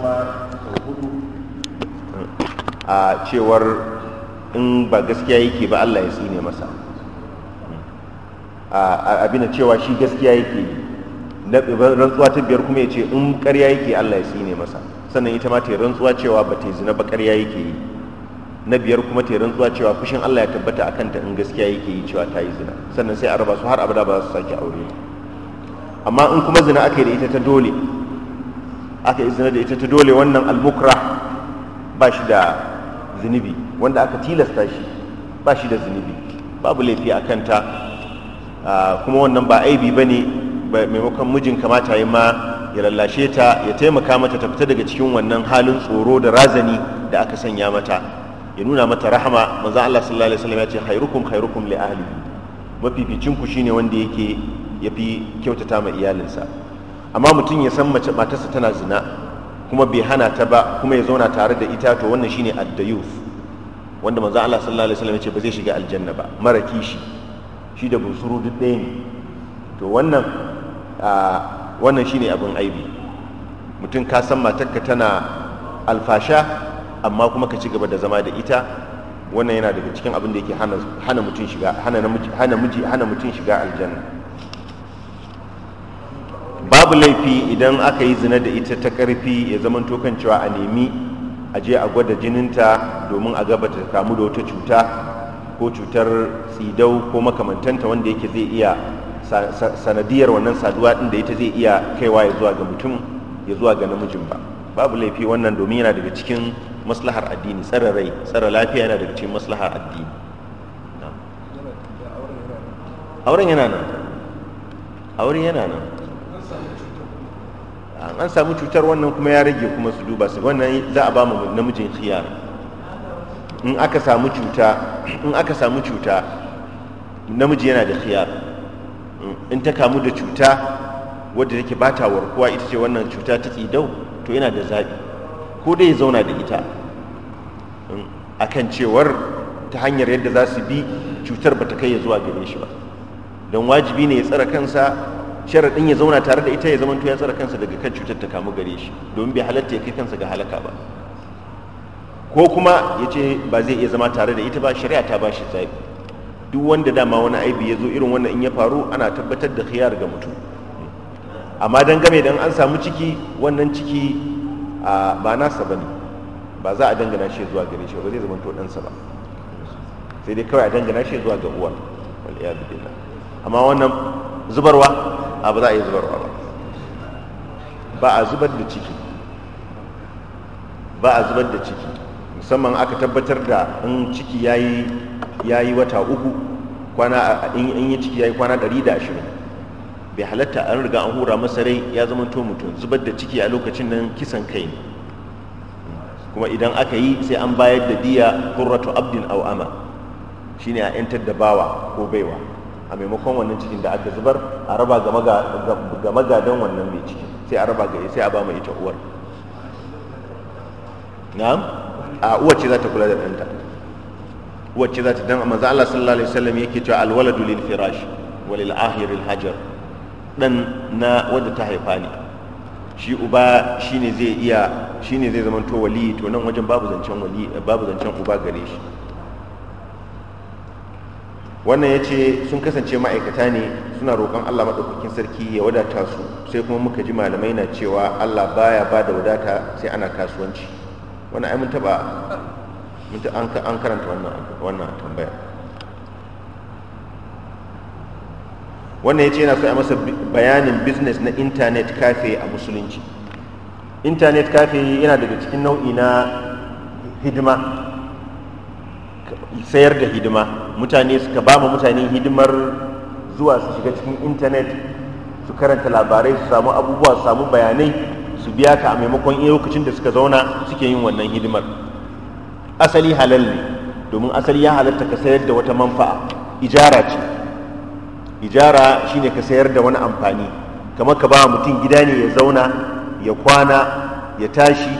a cewar in ba gaskiya yake ba Allah ya tsine masa abin cewa shi gaskiya yake rantsuwa ta biyar kuma ya ce in karya yake Allah ya tsine masa sannan ita ma ta rantsuwa cewa ba ta zina ba karya yake yi na biyar kuma ta rantsuwa cewa fushin Allah ya tabbata a kanta in gaskiya yake yi cewa ta yi zina sannan sai a raba su har abada ba za su sake aure amma in kuma zina aka yi da ita ta dole aka izina da ita ta dole wannan almukra ba shi da zunubi wanda aka tilasta shi ba shi da zunubi babu laifi a kanta ah, kuma wannan ba aibi ba ne maimakon mijin kamata yi ma ya lallashe ta ya taimaka mata ta fita daga cikin wannan halin tsoro da razani da aka sanya mata ya nuna mata rahama manzo Allah sallallahu alaihi wasallam ya ce khairukum khairukum li ahlihi shi shine wanda yake yafi kyautata ma iyalinsa amma mutum ya san mace matarsa tana zina kuma bai hana ta ba kuma ya zauna tare da ita to wannan shine addayuf wanda manzo Allah sallallahu alaihi wasallam ya ce ba zai shiga aljanna ba mara kishi shi da busuru duk ɗaya ne to wannan wannan shine abin aibi mutum ka san matarka tana alfasha amma kuma ka ci gaba da zama da ita wannan yana daga cikin abin da yake hana mutum shiga hana hana mutum shiga aljanna babu laifi idan aka yi zina da ita ta ƙarfi ya zama tokan cewa a nemi a je a gwada jininta domin a gaba ta kamu da wata cuta ko cutar tsidau ko makamantanta wanda yake zai iya sanadiyar wannan saduwa ɗin da ita zai iya kaiwa ya zuwa ga mutum ya zuwa ga namijin ba babu laifi wannan domin yana daga cikin maslahar addini tsare rai tsare lafiya yana daga cikin maslahar addini auren yana nan auren yana nan an samu cutar wannan kuma ya rage kuma su duba su wannan za a ba mu namijin khiyar in aka samu cuta in aka samu cuta namiji yana da khiyar in ta kamu da cuta wadda take bata warkuwa ita ce wannan cuta ta tsidau to yana da zabi. ko dai ya zauna da ita akan cewar ta hanyar yadda za su bi cutar ba ta kai ya zuwa gare shi ba don wajibi ne ya tsara kansa sharaɗin ya zauna tare da ita ya zama ya tsara kansa daga kan cutar ta kamu gare shi domin bai halatta ya kai kansa ga halaka ba ko kuma ya ce ba zai iya zama tare da ita ba shari'a ta ba shi zaɓi duk wanda dama wani aibi ya zo irin wannan in ya faru ana tabbatar da khiyar ga mutum amma dan game dan an samu ciki wannan ciki ba nasa bane ba za a dangana shi zuwa gare shi ba zai zama to ɗansa ba sai dai kawai a dangana shi zuwa ga uwa wal iyadu billah amma wannan zubarwa abu ba za a yi zubarwa ba ba a zubar da ciki ba a zubar da ciki musamman aka tabbatar da in ciki ya yi wata uku kwana in yi ciki ya yi kwana 120 bai halatta an riga an hura masarai ya zama to mutum zubar da ciki a lokacin nan kisan kai ne kuma idan aka yi sai an bayar da diya kurratu abdin au'ama shine a 'yantar da bawa ko baiwa a maimakon wannan cikin da aka zubar a raba ga magadan wannan mai ciki sai a raba ga sai a ba mai ita uwar na'am a uwar ce za ta kula da ɗanta uwar ce za ta dan manzo Allah sallallahu alaihi wasallam yake cewa alwaladu lil firash walil ahir al hajar dan na wanda ta haifa ne shi uba shine zai iya shine zai zama to wali to nan wajen babu zancen wali babu zancen uba gare shi wannan ya ce sun kasance ma'aikata ne suna roƙon allah maɗaukakin sarki ya wadata su sai kuma muka ji malamai na cewa allah baya ba da wadata sai ana kasuwanci wannan ai mun taɓa an karanta wannan tambaya wannan ya ce yana so a masa bayanin business na internet cafe a musulunci internet cafe yana daga cikin nau'i na hidima sayar da hidima mutane suka ba mu mutane hidimar zuwa su shiga cikin intanet su karanta labarai su samu abubuwa su samu bayanai su biya ka a maimakon iya lokacin da suka zauna suke yin wannan hidimar asali halal ne domin asali ya halatta ka sayar da wata manfa'a ijara ce ijara shine ka sayar da wani amfani kamar ka ba mutum gida ne ya zauna ya kwana ya tashi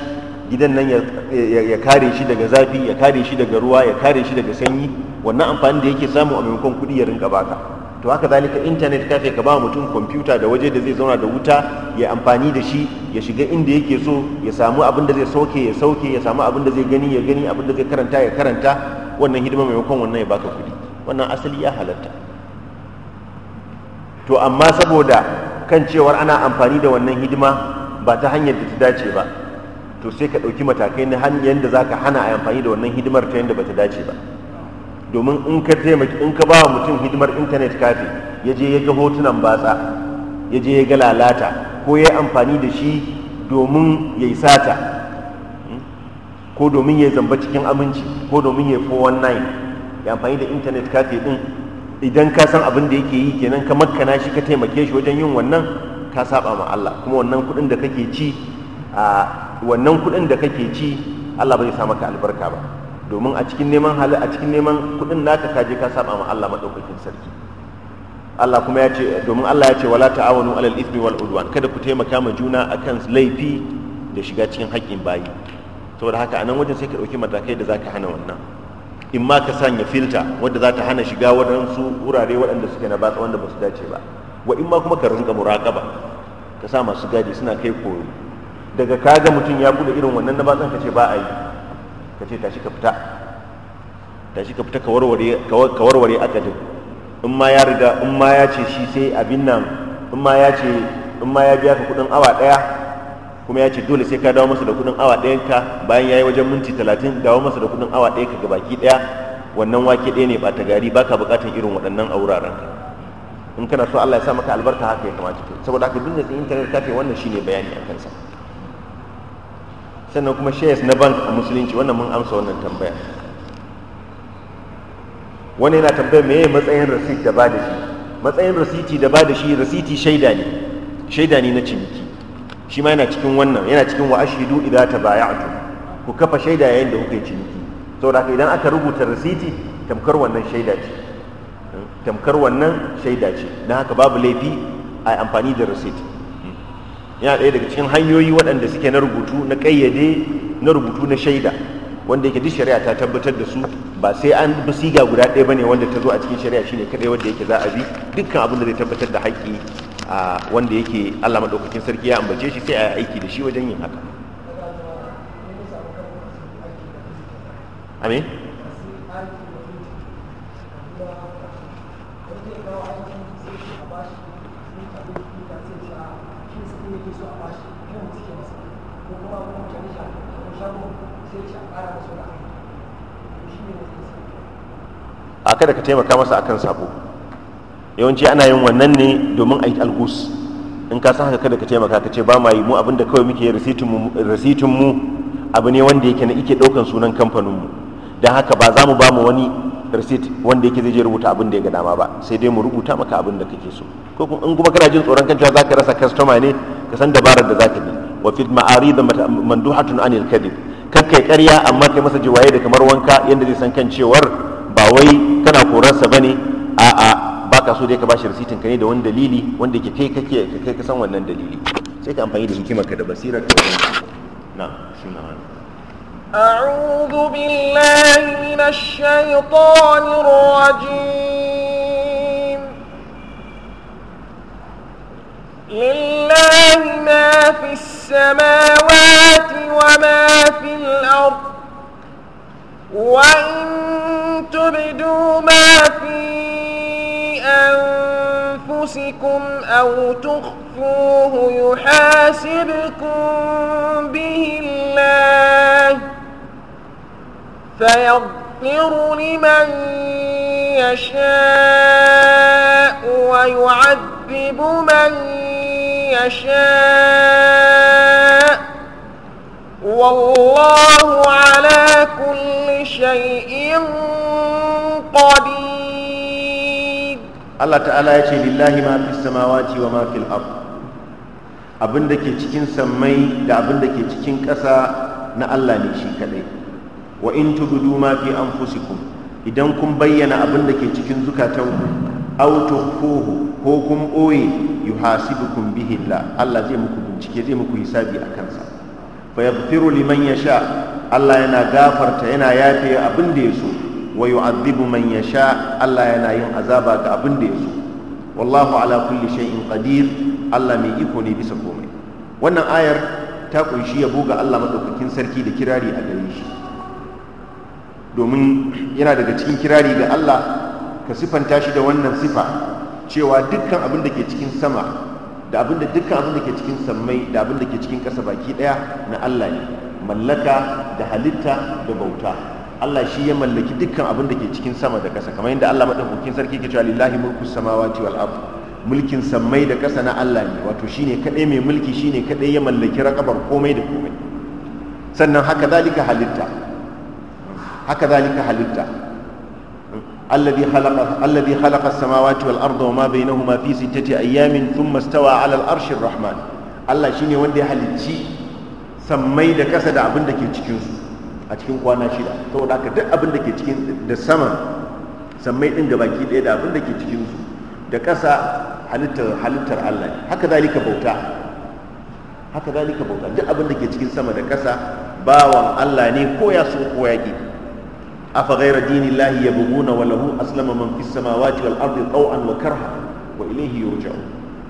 gidan nan ya kare shi daga zafi ya kare shi daga ruwa ya kare shi daga sanyi wannan amfani da yake samu a maimakon kuɗi ya rinka baka to haka zalika intanet kafe ka ba mutum kwamfuta da waje da zai zauna da wuta ya amfani da shi ya shiga inda yake so ya samu abin da zai sauke ya sauke ya samu abin da zai gani ya gani abin da zai karanta ya karanta wannan hidima maimakon wannan ya baka kuɗi wannan asali ya halatta to amma saboda kan cewar ana amfani da wannan hidima ba ta hanyar da ta dace ba to sai ka ɗauki matakai na hanyar da za ka hana a amfani da wannan hidimar ta yadda ba ta dace ba domin in ka taimaki in ka ba wa mutum hidimar intanet kafe ya je ya ga hotunan batsa ya je ya ga lalata ko ya yi amfani da shi domin ya yi sata hmm, ko domin ya zamba cikin aminci ko domin ya yi 419 ya amfani da intanet kafe din idan ka san abin da yake yi kenan ka makana shi ka taimake shi wajen yin wannan ka saba ma Allah kuma wannan kuɗin da kake ci a wannan kuɗin da kake ci Allah ba zai sa maka albarka ba domin a cikin neman hali a cikin neman kuɗin naka ka ka saba ma Allah madaukakin sarki Allah kuma ya ce domin Allah ya ce wala ta'awanu alal ithmi wal udwan kada ku taimaka ma juna akan laifi da shiga cikin haƙƙin bayi saboda haka anan wajen sai ka ɗauki matakai da zaka hana wannan in ma ka sanya filta wadda za ta hana shiga waɗansu wurare waɗanda suke na batsa wanda ba su dace ba wa in ma kuma ka rinka muraƙaba ka sa masu gadi suna kai koyo daga kaga mutum ya bude irin wannan na batsan kace ce ba a yi ka ce tashi ka fita tashi ka fita ka warware akadin in ma ya riga in ma ya ce shi sai abin nan in ma ya ce in ma ya biya ka kudin awa daya kuma ya ce dole sai ka dawo masa da kudin awa dayan ka bayan yayi wajen minti talatin dawo masa da kudin awa daya ka ga baki daya wannan wake ɗaya ne ba ta gari baka buƙatar irin waɗannan a wuraren ka in kana so Allah ya sa maka albarka haka ya kamata saboda haka duk da internet kafe wannan shine bayani akan sa sannan kuma shares na bank a musulunci wannan mun amsa wannan tambaya wani yana tambayar meye matsayin receipt da ba da shi matsayin rasiti da ba da shi rasiti shaida ne shaida ne na ciniki shi ma yana cikin wannan yana cikin wa ashidu idan ta bayatu ku kafa shaida yayin da kuka yi ciniki saboda haka idan aka rubuta rasiti tamkar wannan shaida ce hmm? tamkar wannan shaida ce don haka babu laifi a amfani da rasiti yana ɗaya daga cikin hanyoyi waɗanda suke na rubutu na ƙayyade na rubutu na shaida wanda yake duk shari'a ta tabbatar da su ba sai an bi siga guda ɗaya bane wanda ta zo a cikin shari'a shine kadai wanda yake za a bi dukkan abin da zai tabbatar da haƙƙi wanda yake Allah madaukakin sarki ya ambace shi sai a yi aiki da shi wajen yin haka amin kada ka taimaka masa akan sabo yawanci ana yin wannan ne domin a yi algus in ka san haka kada ka taimaka ka ce ba ma yi mu da kawai muke rasitin mu abu ne wanda yake na ike daukan sunan kamfanin mu don haka ba za mu ba mu wani receipt wanda yake zai je rubuta abin da ya ga dama ba sai dai mu rubuta maka abin da kake so ko in kuma kana jin tsoron kan cewa zaka rasa customer ne ka san dabarar da zaka bi wa fil ma'arid manduhatun anil kadib kakkai ƙarya amma kai masa jiwaye da kamar wanka yanda zai san kan cewar ba wai kana korarsa ba ne a'a ba ka so dai ka bashi rasitin ka ne da wani dalili wanda ke kai kake kai ka san wannan dalili sai ka amfani da hikimar ka da basirar ka na shi na wani أعوذ بالله من الشيطان الرجيم لله ما في السماوات وما في الأرض وإن تبدوا ما في أنفسكم أو تخفوه يحاسبكم به الله فيغفر لمن يشاء ويعذب من يشاء والله على كل شيء qadir Allah ta'ala ya ce lillahi ma fi samawati wa ma fil ard abin da ke cikin sammai da abin da ke cikin ƙasa na Allah ne shi kadai wa in tubudu ma fi anfusikum idan kun bayyana abin da ke cikin zukatanku aw tukhfuhu ko kun boye yuhasibukum bihi Allah zai muku bincike zai muku hisabi a kansa fa yaghfiru liman yasha Allah yana gafarta yana yafe abin da ya so wa yu'adhibu man ya sha Allah yana yin azaba ga abin da yaso wallahu ala kulli shay'in qadir Allah mai iko ne bisa komai wannan ayar ta kunshi ya buga Allah madaukakin sarki da kirari a gare shi domin yana daga cikin kirari ga Allah ka sifanta shi da wannan sifa cewa dukkan abin da ke cikin sama da abin da dukkan abin da ke cikin sammai da abin da ke cikin ƙasa baki ɗaya na Allah ne mallaka da halitta da bauta Allah shi ya mallaki dukkan abin da ke cikin sama da ƙasa kamar yadda Allah madaukakin sarki ke cewa lillahi mulku samawati wal ard mulkin sammai da ƙasa na Allah ne wato shine kadai mai mulki shine kadai ya mallaki raƙabar komai da komai sannan haka zalika halitta haka zalika halitta alladhi khalaqa alladhi khalaqa as-samawati wal arda wa ma bainahuma fi sittati Ayyamin, thumma istawa 'ala al-arshi rahman Allah shine wanda ya halicci sammai da ƙasa da abin da ke cikin su a cikin kwana shida saboda haka duk abin da ke cikin da sama sammai din gabaki ɗaya da abin da ke cikin su da ƙasa halittar halittar Allah ne haka zalika bauta haka zalika bauta duk abin da ke cikin sama da ƙasa bawan Allah ne ko ya so ko ya ki afa ghayra dinillahi yabghuna wa lahu aslama man fis samawati wal ardi taw'an wa karha wa ilayhi yurja'u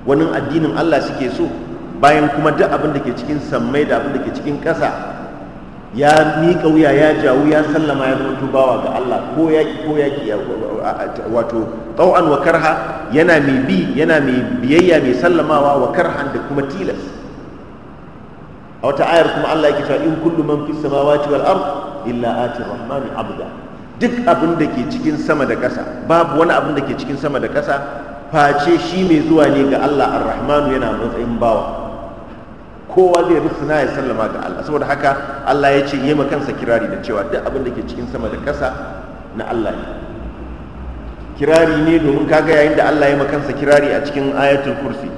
wannan addinin Allah suke so bayan kuma duk abin da ke cikin sammai da abin da ke cikin ƙasa ya miƙa wuya ya jawo ya sallama ya zama tubawa ga Allah ko ya ko ya ki wato tau'an wa karha yana mai bi yana mai biyayya mai sallamawa wa karhan da kuma tilas a wata ayar kuma Allah yake cewa in kullu man fis samawati wal ard illa ati rahmani abda duk abin da ke cikin sama da ƙasa babu wani abin da ke cikin sama da ƙasa face shi mai zuwa ne ga Allah ar-rahmanu yana matsayin bawa kowa zai na ya sallama ga Allah saboda haka Allah ya ce yi ma kansa kirari da cewa duk abin da ke cikin sama da ƙasa na Allah ne kirari ne domin kaga yayin da Allah ya yi ma kansa kirari a cikin ayatul kursi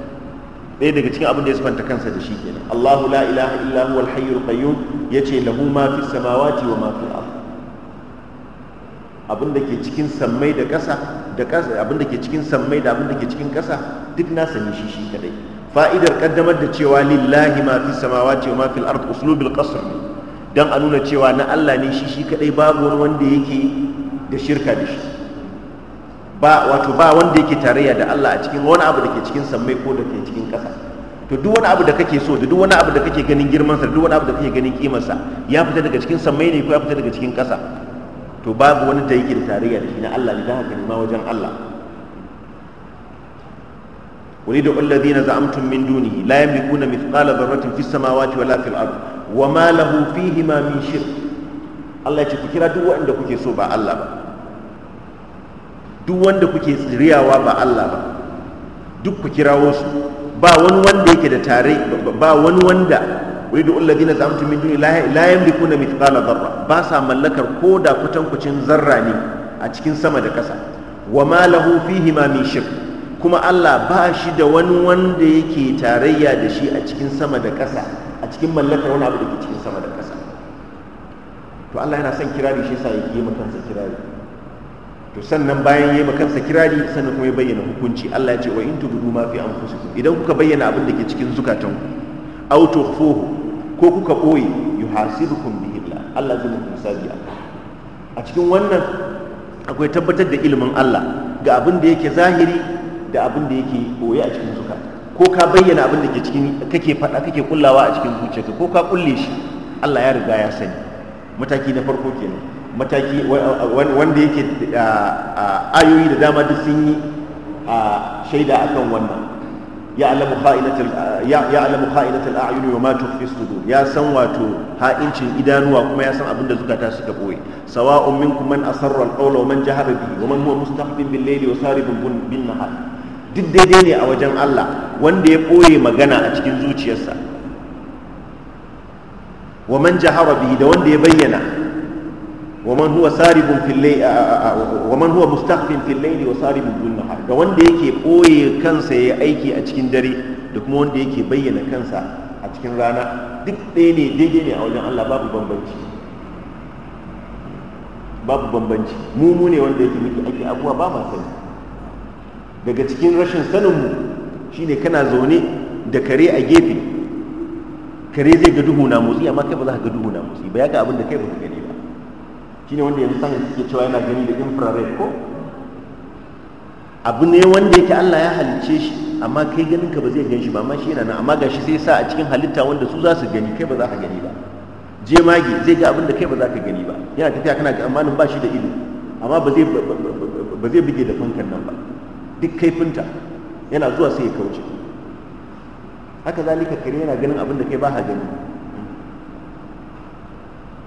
ɗaya daga cikin abin da ya sifanta kansa da shi kenan Allahu la ilaha illa huwal hayyul qayyum yace lahu ma fis samawati wa ma fil ard abin da ke cikin sammai da ƙasa da ƙasa abin da ke cikin sammai da abin da ke cikin ƙasa duk nasa ne shi shi kadai fa'idar kaddamar da cewa lillahi ma fi samawa ce ma fil ard uslubul qasr dan a nuna cewa na Allah ne shi shi kadai babu wani wanda yake da shirka da shi ba wato ba wanda yake tarayya da Allah a cikin wani abu da ke cikin sammai ko da ke cikin ƙasa to duk wani abu da kake so da duk wani abu da kake ganin girman sa duk wani abu da kake ganin kimar sa ya fita daga cikin sammai ne ko ya fita daga cikin ƙasa to babu wani da yake da tarayya da shi na Allah ne dan haka ne ma wajen Allah وليدعوا الذين زعمتم من دونه لا يملكون مثقال ذرة في السماوات ولا في الأرض وما له فيهما من شرك الله يجي كيرا دو وند كوكي سو با الله با دو وند كوكي رياوا با الله با duk ku kirawo با ba wani wanda yake تاري با ba wani wanda وليدعوا الذين زعمتم من دونه لا يملكون مثقال ذرة ba ملكر كودا koda kutankucin zarra ne a cikin sama da ƙasa wa ma lahu fihima min shirk kuma Allah ba shi da wani wanda yake tarayya da shi a cikin sama da ƙasa a cikin mallakar wani abu da ke cikin sama da ƙasa to Allah yana son kirari shi yasa yake yi kansa kirari to sannan bayan yi kansa kirari sannan kuma ya bayyana hukunci Allah ya ce wa in tubudu ma fi anfusikum idan kuka bayyana abin da ke cikin zukatanku aw tukhfuhu ko kuka boye yuhasibukum bihi Allah zai muku misali a cikin wannan akwai tabbatar da ilimin Allah ga abin da yake zahiri da abin da yake koye a cikin zuka ko ka bayyana abin da ke cikin kake faɗa kake kullawa a cikin zuciyarka ko ka kulle shi Allah ya riga ya sani mataki na farko kenan mataki wanda yake ayoyi da dama duk sun yi shaida akan wannan ya kha'inatul ya'lamu kha'inatul a'yun wa ma tukhfi sudur ya san wato ha'incin idanuwa kuma ya san abin da zukata suka boye sawa'un minkum man asarra al-qawla wa man jahara bihi wa man huwa mustaqbil bil-layli wa saribun bin nahar duk daidai ne a wajen Allah wanda ya ɓoye magana a cikin zuciyarsa wa man jahara bihi da wanda ya bayyana wa man huwa saribun fil wa man huwa mustaqfin fil layli wa saribun bil nahar da wanda yake ɓoye kansa ya aiki a cikin dare da kuma wanda yake bayyana kansa a cikin rana duk ɗaya ne daidai ne a wajen Allah babu bambanci babu bambanci mu mu ne wanda yake miki aiki abuwa ba ma sani daga cikin rashin saninmu shine kana zaune da kare a gefe kare zai ga duhu na motsi amma kai ba za ka ga duhu na motsi ba ya ga abin da kai ba ka gani ba shine wanda yanzu sanin suke cewa yana gani da infrared ko abu ne wanda yake Allah ya halicce shi amma kai ganin ka ba zai gan shi ba amma shi yana nan amma gashi sai sa a cikin halitta wanda su za su gani kai ba za ka gani ba jemage zai ga abin da kai ba za ka gani ba yana tafiya kana ga amma nan ba shi da ido amma ba zai buge da fankan nan ba duk kaifinta yana zuwa sai ya kauce haka zalika kare yana ganin abin da kai ba ha gani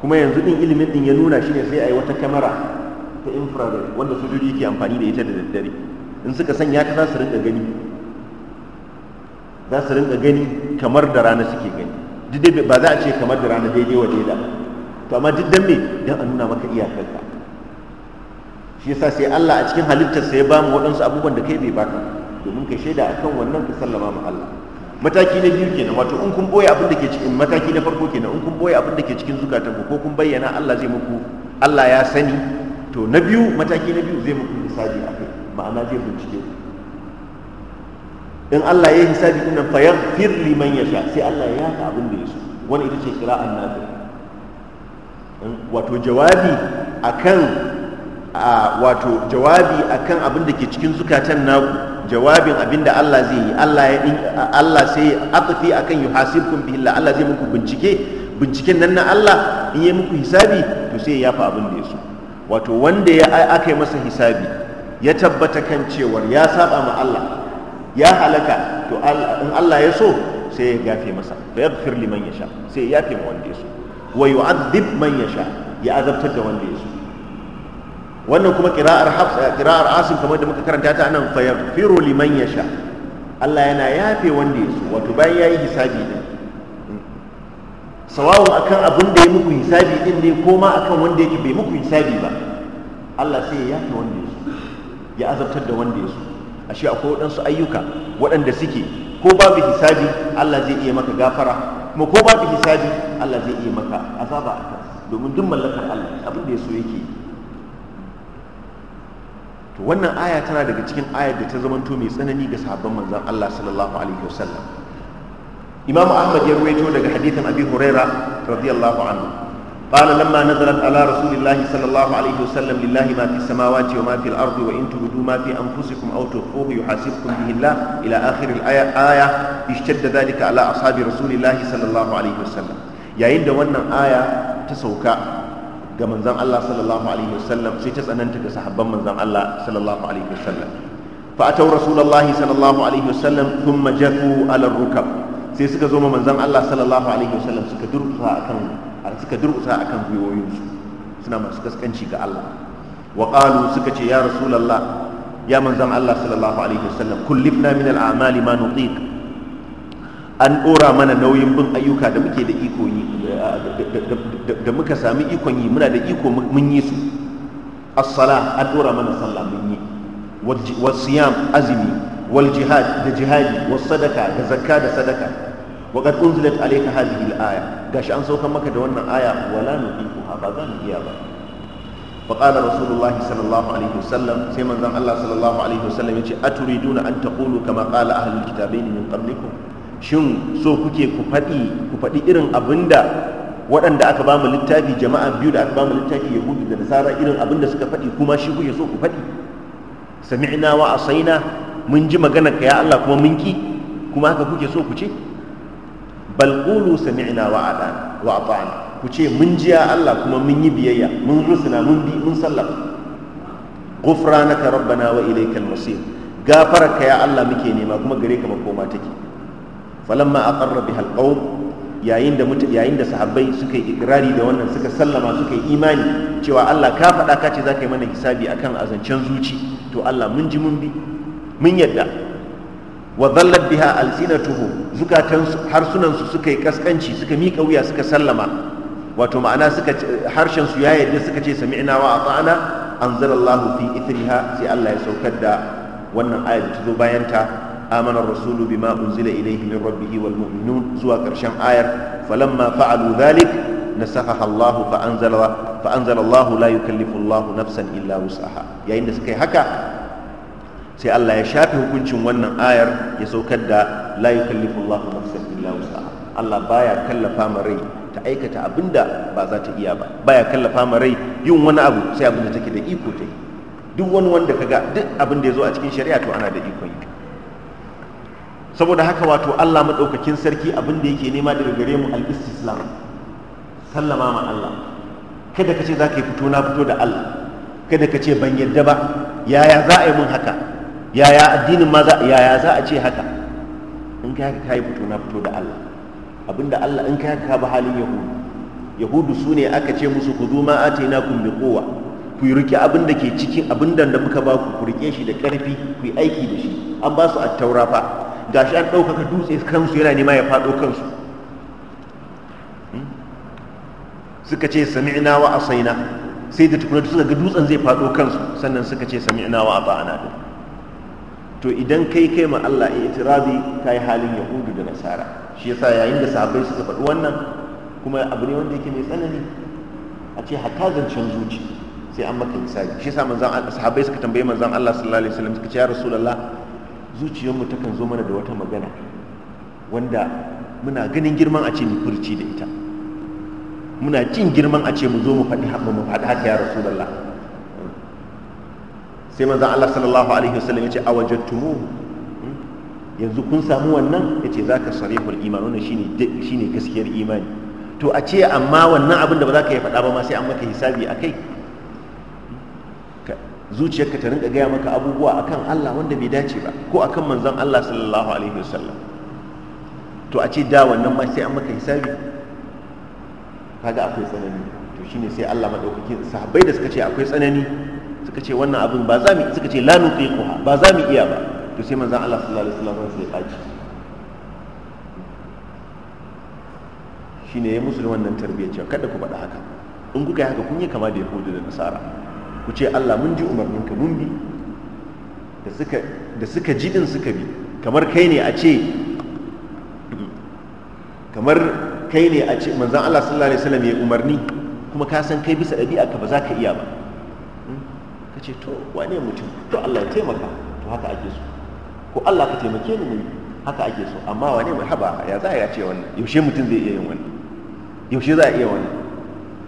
kuma yanzu din ilimin din ya nuna shi ne sai a yi wata kamera ta infrared wanda sojoji ke amfani da ita da daddare in suka sanya ta za su rinka gani za su rinka gani kamar da rana suke gani ba za a ce kamar da rana daidai wa daida to amma duk dan me dan a nuna maka iyakarka shi yasa sai Allah a cikin halittarsa ya ba mu waɗansu abubuwan da kai bai baka domin kai shaida akan wannan ka sallama ma Allah mataki na biyu kenan wato in kun boye abin da ke cikin mataki na farko kenan in kun boye abin da ke cikin zukatanku ko kun bayyana Allah zai muku Allah ya sani to na biyu mataki na biyu zai muku misali akai ma'ana zai bincike in Allah ya yi hisabi din nan fayaghfir liman yasha sai Allah ya yaka abin da ya so wani ita ce kira nafi wato jawabi akan a wato jawabi akan abin da ke cikin zukatan naku jawabin abin da Allah zai yi Allah ya Allah sai atfi akan yuhasibkum billah Allah zai muku bincike binciken nan na Allah in yi muku hisabi to sai ya fa abin da ya so wato wanda ya aka yi masa hisabi ya tabbata kan cewar ya saba ma Allah ya halaka to in Allah ya so sai ya gafe masa fa yaghfir liman yasha sai ya yafe ma wanda ya so wa yu'adhib man yasha ya azabtar da wanda ya so wannan kuma kira'ar eh, kira'ar asim kamar da muka karanta ta nan fayar firu liman yasha Allah yana yafe wanda ya so wato bayan yayi hisabi din sawawun akan abin da ya muku hisabi din ne ko ma akan wanda yake bai muku hisabi ba Allah sai ya yafe wanda ya so ya azabtar da wanda ya so ashe akwai waɗansu ayyuka waɗanda suke ko babu hisabi Allah zai iya maka gafara kuma ko babu hisabi Allah zai iya maka azaba a domin duk mallakar Allah abin da ya so yake yi to wannan aya tana daga cikin ayar da ta zamanto mai tsanani ga sahabban manzon Allah sallallahu alaihi wasallam Imam Ahmad ya ruwaito daga hadithin Abi Huraira radiyallahu anhu قال لما نزلت على رسول الله صلى الله عليه وسلم لله ما في السماوات وما في الأرض وإن تبدوا ما في أنفسكم أو تخفوه يحاسبكم به الله إلى آخر الآية آية اشتد ذلك على أصحاب رسول الله صلى الله عليه وسلم يا wannan aya ta sauka ga manzon Allah sallallahu alaihi wasallam sai ta tsananta ga sahabban manzon Allah sallallahu alaihi wasallam fa ataw rasulullahi sallallahu alaihi wasallam thumma jafu ala rukab sai suka zo manzon Allah sallallahu alaihi wasallam suka durkusa akan suka durkusa akan gwiwoyinsu suna masu kaskanci ga Allah wa qalu suka ce ya rasulullah ya manzon Allah sallallahu alaihi wasallam kullifna min al-a'mali ma nutiq an dora mana nauyin bin ayyuka da muke da iko yi da muka sami ikon yi muna da iko mun yi su as-sala an dora mana sallah mun yi Wal Siyam azumi wal jihad da jihadi was sadaka da zakka da sadaka wa qad unzilat alayka hadhihi al-aya gashi an saukar maka da wannan aya wala nuqiquha ba za mu iya ba فقال رسول الله صلى الله عليه وسلم سيما زم الله صلى الله عليه وسلم an أتريدون أن تقولوا كما قال أهل الكتابين من قبلكم shin so kuke ku faɗi ku faɗi irin abin da waɗanda aka ba mu littafi jama'a biyu da aka ba mu littafi yahudu da nasara irin abin da suka faɗi kuma shi kuke so ku faɗi sami'na wa asaina mun ji magana ka ya Allah kuma mun ki kuma haka kuke so ku ce bal qulu sami'na wa adana wa ata'na ku ce mun ji ya Allah kuma mun yi biyayya mun rusuna mun bi mun sallama ghufranaka rabbana wa ilaykal masir gafaraka ya Allah muke nema kuma gare ka koma take falamma aqarra bihal qawm yayin da yayin da sahabbai suka yi ikrari da wannan suka sallama suka yi imani cewa Allah ka faɗa ka ce za ka yi mana hisabi akan azancen zuci to Allah mun ji mun bi mun yadda wa dhallat biha alsinatuhum zukatan harsunan su suka yi kaskanci suka mika wuya suka sallama wato ma'ana suka harshen su ya yadda suka ce sami'na wa ata'na anzalallahu fi ithriha sai Allah ya saukar da wannan ayat ta zo bayan ta آمن الرسول بما أنزل إليه من ربه والمؤمنون زوى كرشان آية فلما فعلوا ذلك نسخها الله فأنزل, فأنزل الله لا يكلف الله نفسا إلا وسعها يا إن سكي هكا سي الله يشافي هكونشن ونن آية يسوكد لا يكلف الله نفسا إلا وسعها الله بايا كلفا مري ta aikata abin da ba za ta iya ba baya kallafa ma rai yin wani abu sai abin da take da iko ta yi duk wani wanda kaga duk abin da ya zo a cikin shari'a to ana da ikon yi saboda haka wato Allah maɗaukakin sarki abin da yake nema daga gare mu al-istislam sallama ma Allah kada ka ce za ka yi fito na fito da Allah kada ka ce ban yadda ba yaya za a yi mun haka yaya addinin ma za yaya za a ce haka in ka haka yi fito na fito da Allah abinda Allah in ka haka ba halin yahudu yahudu su ne aka ce musu ku zo ma atainakum bi kowa ku rike abin da ke cikin abin da muka ba ku ku rike shi da karfi ku yi aiki da shi an ba su at-taura fa gashi an ɗaukaka dutse kansu yana nema ya faɗo kansu suka ce sami'na wa asaina sai da tukuna suka ga dutsen zai faɗo kansu sannan suka ce sami'na wa ata'ana din to idan kai kai ma Allah itirazi kai halin yahudu da nasara shi yasa yayin da sahabbai suka faɗi wannan kuma abu ne wanda yake mai tsanani a ce hatta zancen zuci sai an maka misali shi yasa manzon sahabbai suka tambaye manzon Allah sallallahu alaihi wasallam suka ce ya rasulullah zuciyarmu takan zo mana da wata magana wanda muna ganin girman a ce mu furci da ita muna jin girman a ce mu zo mu faɗi mu faɗi haka ya rasulullah sai manzon Allah sallallahu alaihi wasallam yace awajadtumu yanzu kun samu wannan yace zaka sarihul iman wannan shine shine gaskiyar imani to a ce amma wannan abin da ba za ka yi faɗa ba ma sai an maka hisabi akai zuciyarka ta rinka gaya maka abubuwa akan Allah wanda bai dace ba ko akan manzon Allah sallallahu alaihi wasallam to a ce da wannan ma sai an maka hisabi kaga akwai tsanani to shine sai Allah madaukakin sahabbai da suka ce akwai tsanani suka ce wannan abin ba za mu suka ce la nuqiquha ba za mu iya ba to sai manzon Allah sallallahu alaihi wasallam sai ya kaci shine ya musulman nan tarbiyyar cewa kada ku faɗa haka in kuka yi haka kun yi kama da yahudu da nasara ku ce Allah mun ji umarninka mun bi da suka ji din suka bi kamar kai ne a ce kamar kai ne a ce manzan Allah sallallahu alaihi wasallam ya umarni kuma ka san kai bisa ɗabi'a ka ba za ka iya ba hmm? ka ce to wane mutum to Allah ya taimaka to haka ake so ko Allah ka taimake ni ne haka ake so amma wane mai haba ya za a ya ce wannan yaushe mutum zai iya yin wannan yaushe za a iya wannan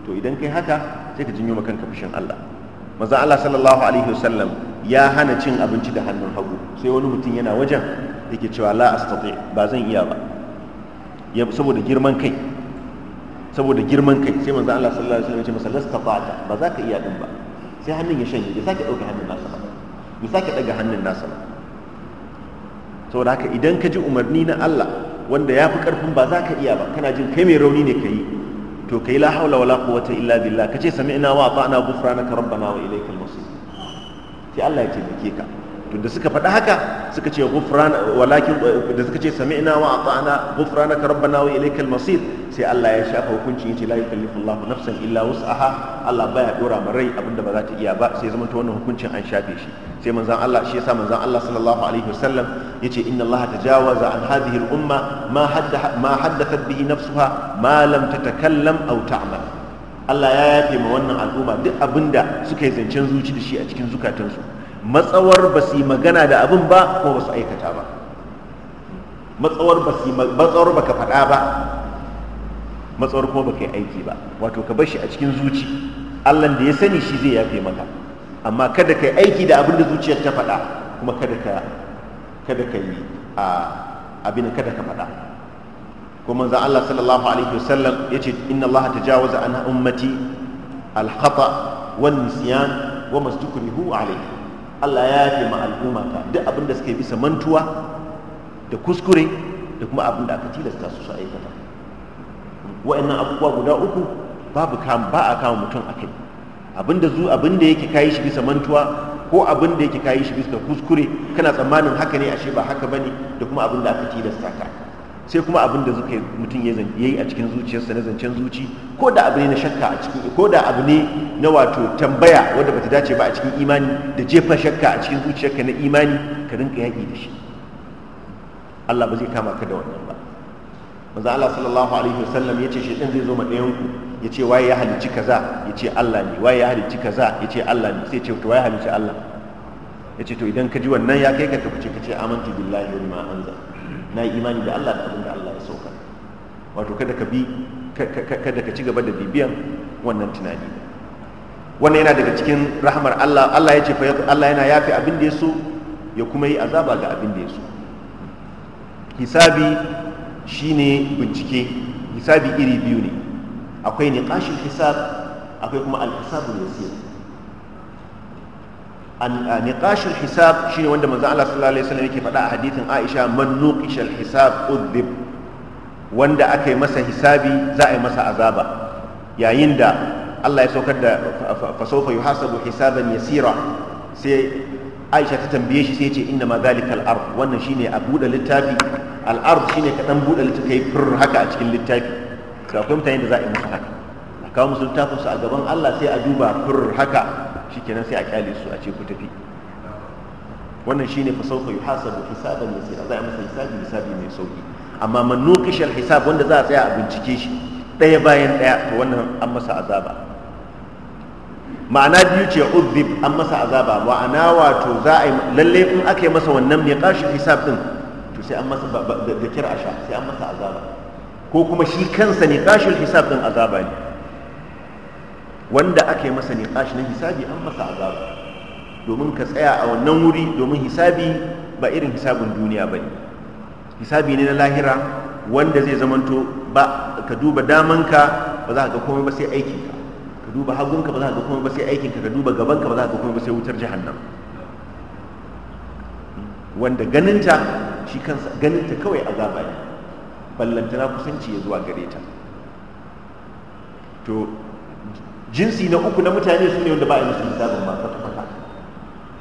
to idan kai haka sai ka jinyo kanka fushin Allah manzon Allah sallallahu alaihi wasallam ya hana cin abinci da hannun hagu sai wani mutum yana wajen yake cewa la astati ba zan iya ba saboda girman kai saboda girman kai sai manzon Allah sallallahu alaihi wasallam ya ce masa lastata ba za ka iya din ba sai hannun ya shanye ya sake dauka hannun nasa ba ya sake daga hannun nasa ba saboda haka idan ka ji umarni na Allah wanda ya fi karfin ba za ka iya ba kana jin kai mai rauni ne ka yi to kai la haula wala quwwata illa billah kace sami'na wa ata'na ghufranaka rabbana wa ilaykal masir sai Allah ya taimake ka to da suka faɗa haka suka ce ghufran walakin da suka ce sami'na wa ata'na ghufranaka rabbana wa ilaykal masir sai Allah ya shafa hukunci yace la yukallifu Allahu nafsan illa wus'aha Allah baya dora ma rai abinda ba za ta iya ba sai zama to wannan hukuncin an shafe shi sai manzon Allah shi yasa manzon Allah sallallahu alaihi wasallam yace inna Allah tajawaza an hadhihi al-umma ma haddatha ma haddathat bihi nafsuha ma lam tatakallam aw ta'mal Allah ya yafe ma wannan al'umma duk abinda suka yi zancen zuci da shi a cikin zukatansu matsawar ba su yi magana da abin ba ko ba su aikata ba matsawar ba su matsawar ba ka faɗa ba matsawar kuma ba ka yi aiki ba wato ka bar shi a cikin zuci Allah da ya sani shi zai yafe maka amma kada ka yi aiki da abin da zuciyar ta faɗa kuma kada ka kada ka yi abin kada ka faɗa kuma manzon Allah sallallahu alaihi wasallam yace inna Allah tajawaza an ummati al-khata nisyan wa mastukrihu alaihi Allah ya yafe ma al'umma ta duk abin da suke bisa mantuwa da kuskure da kuma abin da aka tilasta su su aikata wa'annan abubuwa guda uku babu ba a kama mutum a kai abinda zu abinda yake kayi shi bisa mantuwa ko abin da yake kayi shi bisa kuskure kana tsammanin haka ne ashe ba haka bane da kuma abin da aka tilasta ka sai kuma abin da zuka mutum ya yi a cikin zuciyarsa na zancen zuci ko da abu ne na shakka a cikin ko da abu ne na wato tambaya wanda bata dace ba a cikin imani da jefa shakka a cikin zuciyarka na imani ka rinka yaƙi da shi Allah ba zai kama ka da wannan ba manzo Allah sallallahu alaihi wasallam yace shi din zai zo ma ɗayan ku ya ce waye ya halicci kaza ya ce Allah ne waye ya halicci kaza ya ce Allah ne sai ce to waye halicci Allah ya ce to idan ka ji wannan ya kai ka tafi kuce ka ce amantu billahi wa ma anza na yi imani da Allah da abin da Allah ya sauka wato kada ka bi kada ka ci gaba da bibiyan wannan tunani wannan yana daga cikin rahmar Allah Allah ya ce fa Allah yana yafi abin da ya so ya kuma yi azaba ga abin da ya so hisabi shine bincike hisabi iri biyu ne akwai niqashul hisab akwai kuma al-hisabul yasir niqashul hisab shine wanda manzo Allah sallallahu alaihi wasallam yake faɗa a hadithin Aisha man nuqishal hisab udhib wanda aka yi masa hisabi za a yi masa azaba yayin da Allah ya saukar da fasofa yuhasabu hisaban yasira sai Aisha ta tambaye shi sai ce inna ma zalikal ard wannan shine a buɗe littafi al ard shine ka dan buɗe littafi kai fur haka a cikin littafi to akwai mutane da za a yi musu haka a kawo musu littafin su a gaban Allah sai a duba fur haka shikenan sai a kyale su a ce ku tafi wannan shine fa sawfa yuhasabu hisaban yasira za a masa hisabi hisabi mai sauki amma man nuqishal hisab wanda za a tsaya a bincike shi ɗaya bayan ɗaya to wannan an masa azaba ma'ana biyu ce uzib an masa azaba ma'ana wato za a lalle in aka yi masa wannan mai kashi hisab din to sai an masa da kira asha sai an masa azaba ko kuma shi kansa ne kashin hisab din azaba ne wanda aka yi masa ne kashi na hisabi an masa azaba domin ka tsaya a wannan wuri domin hisabi ba irin hisabin duniya ba ne hisabi ne na lahira wanda zai zamanto ba ka duba damanka ba za ka ga komai ba sai aikinka ka duba hagunka ba za ka ga komai ba sai aikinka ka duba gabanka ba za ka ga komai ba sai wutar jahannam wanda ganinta shi kansa ganinta kawai azaba ne ballantana kusanci ya zuwa gare ta to jinsi na uku na mutane su ne wanda ba a yi musu hisabin ma ta kwata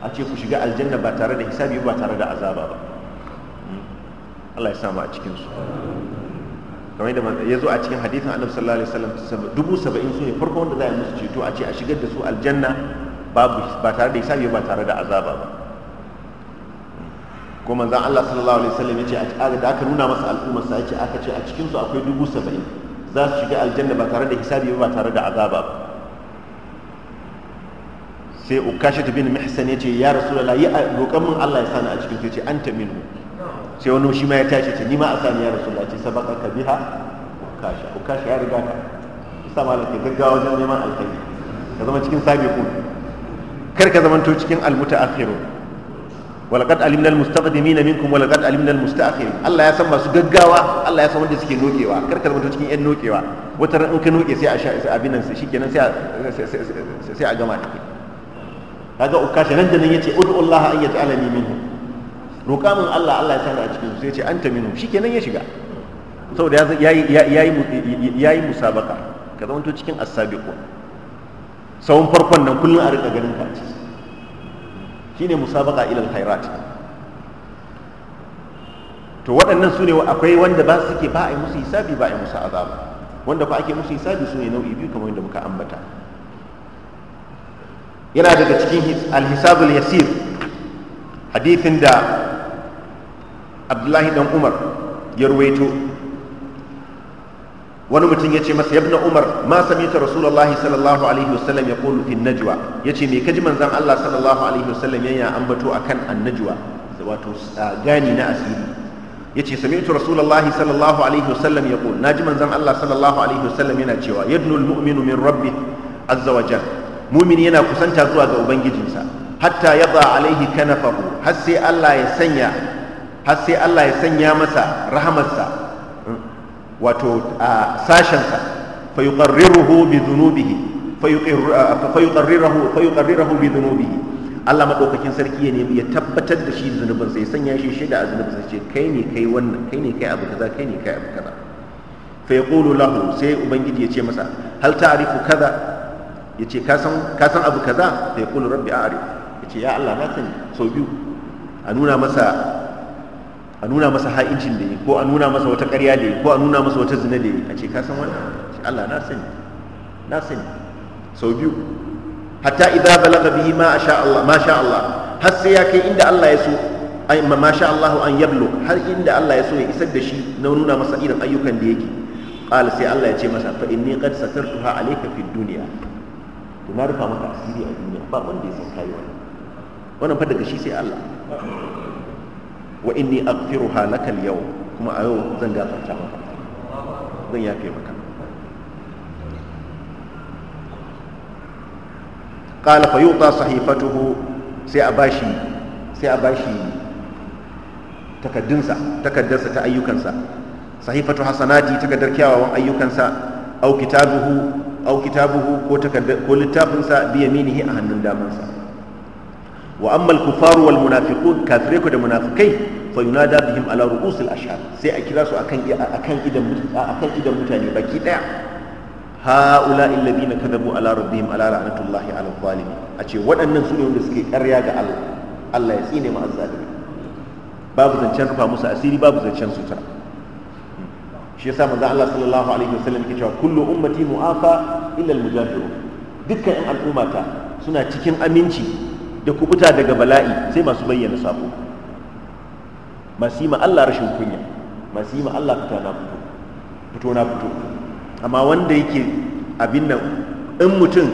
a ce ku shiga aljanna ba tare da hisabi ba tare da azaba ba Allah ya samu a cikinsu kamar yadda ya zo a cikin hadithin annabi sallallahu alaihi wasallam dubu saba'in su ne farko wanda za a yi musu ceto a ce a shigar da su aljanna ba tare da hisabi ba tare da azaba ba ko manzon Allah sallallahu alaihi wasallam yace a da aka nuna masa alumma sa yace aka ce a cikin su akwai dubu saba'in za su shiga aljanna ba tare da hisabi ba tare da azaba ba sai ukashat bin mihsan yace ya rasulullahi ya roƙan min Allah ya sani a cikin su yace anta minhu sai wani shi ma ya tashi ce ni ma a sani ya rasulullahi ce sabaka ka biha ukasha ukasha ya riga ka sa malam ka gaggawa wajen neman alkhairi ka zama cikin sabiqun kar ka zamanto cikin almutaakhirun walaqad alimna almustaqdimina minkum walaqad alimna almustaakhirin Allah ya san masu gaggawa Allah ya san wanda suke nokewa kar ka zama cikin yan nokewa wata ran in ka noke sai a sha abin nan shikenan sai sai a gama da kai kaga ukasha nan da nan yace ud'u Allah an yata'alani minhu roƙa min Allah Allah ya sani a cikin sai ya ce anta minhu shikenan ya shiga saboda yayi yayi yayi musabaka ka zama cikin as-sabiqun sawun farkon nan kullun a rika ganin ka shine musabaqa ilal khairat to waɗannan su ne akwai wanda ba su ke ba a yi musu hisabi ba a yi musu azaba wanda ko ake musu hisabi su ne nau'i biyu kamar yadda muka ambata yana daga cikin alhisabul yasir hadithin da abdullahi dan umar ya ruwaito wani mutum ya ce masa yabna umar ma samita rasulullahi sallallahu alaihi wasallam ya kulu fin najwa ya ce me kaji manzan allah sallallahu alaihi wasallam yana ambato a kan annajwa wato gani na asiri ya ce samitu rasulullahi sallallahu alaihi wasallam ya kulu naji manzan allah sallallahu alaihi wasallam yana cewa yadnul mu'minu min rabbi azza wa jal mumini yana kusanta zuwa ga ubangijinsa hatta yadha alaihi kanafahu har sai allah ya sanya har sai allah ya sanya masa rahamarsa wato sashensa fa yuqarriruhu bi dhunubihi fa yuqarriruhu fa yuqarriruhu bi dhunubihi Allah madaukakin sarki ya nemi ya tabbatar da shi zunubin sai sanya shi shaida a zunubin sai ce kai ne kai wannan kai ne kai abu kaza kai ne kai abu kaza fa yaqulu lahu sai ubangiji ya ce masa hal ta'rifu kaza Ya ce san ka san abu kaza fa yaqulu rabbi a'rif ce ya Allah na sani sau biyu a nuna masa a nuna masa ha'incin da yi ko a nuna masa wata ƙarya da yi ko a nuna masa wata zina da yi a ce ka san wannan shi Allah na sani na sani sau biyu hatta idza balaga bihi ma sha Allah ma sha Allah har sai ya kai inda Allah ya so ai ma sha Allah an yablu har inda Allah ya so ya isar da shi na nuna masa irin ayyukan da yake qala sai Allah ya ce masa fa inni qad satartuha alayka fid dunya to na rufa maka asiri a duniya ba wanda ya san kai wannan wannan fa daga shi sai Allah wa inni aghfiruha laka al-yawm kuma a yau zan gafarta maka zan yafe maka qala fa yuta sahifatuhu sai a bashi sai a bashi takaddunsa takaddarsa ta ayyukansa sahifatu hasanati takaddar kyawawan ayyukansa au kitabuhu au kitabuhu ko takaddar ko littafinsa bi yaminihi a hannun damansa wa ammal kufaru wal munafiqun da munafukai. fa yunada bihim ala ru'usil ashhar sai a kira su akan akan idan akan idan mutane baki daya haula alladhina kadhabu ala rabbihim ala la'natullahi ala zalimin a ce waɗannan su ne wanda suke ƙarya ga Allah Allah ya tsine mu azzalimi babu zancen rufa musu asiri babu zancen sutura shi yasa manzo Allah sallallahu alaihi wasallam yake cewa kullu ummati mu'afa illa al-mujahirun dukkan al'ummata suna cikin aminci da kubuta daga bala'i sai masu bayyana sabo masu yi ma Allah rashin kunya masu yi ma Allah fita na fito fito na fito amma wanda yake abin nan in mutum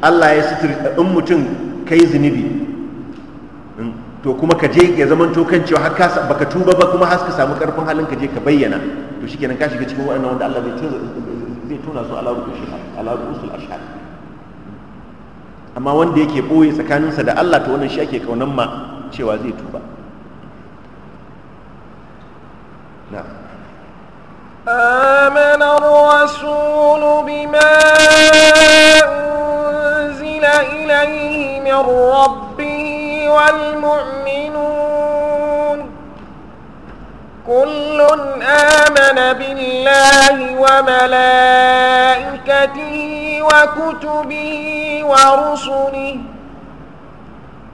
Allah ya sitir in mutum kai zunubi hmm, to kuma ka je ya zaman to cewa har ka baka tuba ba kuma har ka samu karfin halin ka je ka bayyana to shikenan ka shiga cikin waɗannan wanda Allah zai tona su ala rusul ashar amma wanda yake ɓoye tsakaninsa da Allah ta wannan shi ake kaunan ma cewa zai tuba na'am آمن الرسول بما أنزل إليه من ربه والمؤمنون كل آمن بالله وملائكته وكتبه ورسله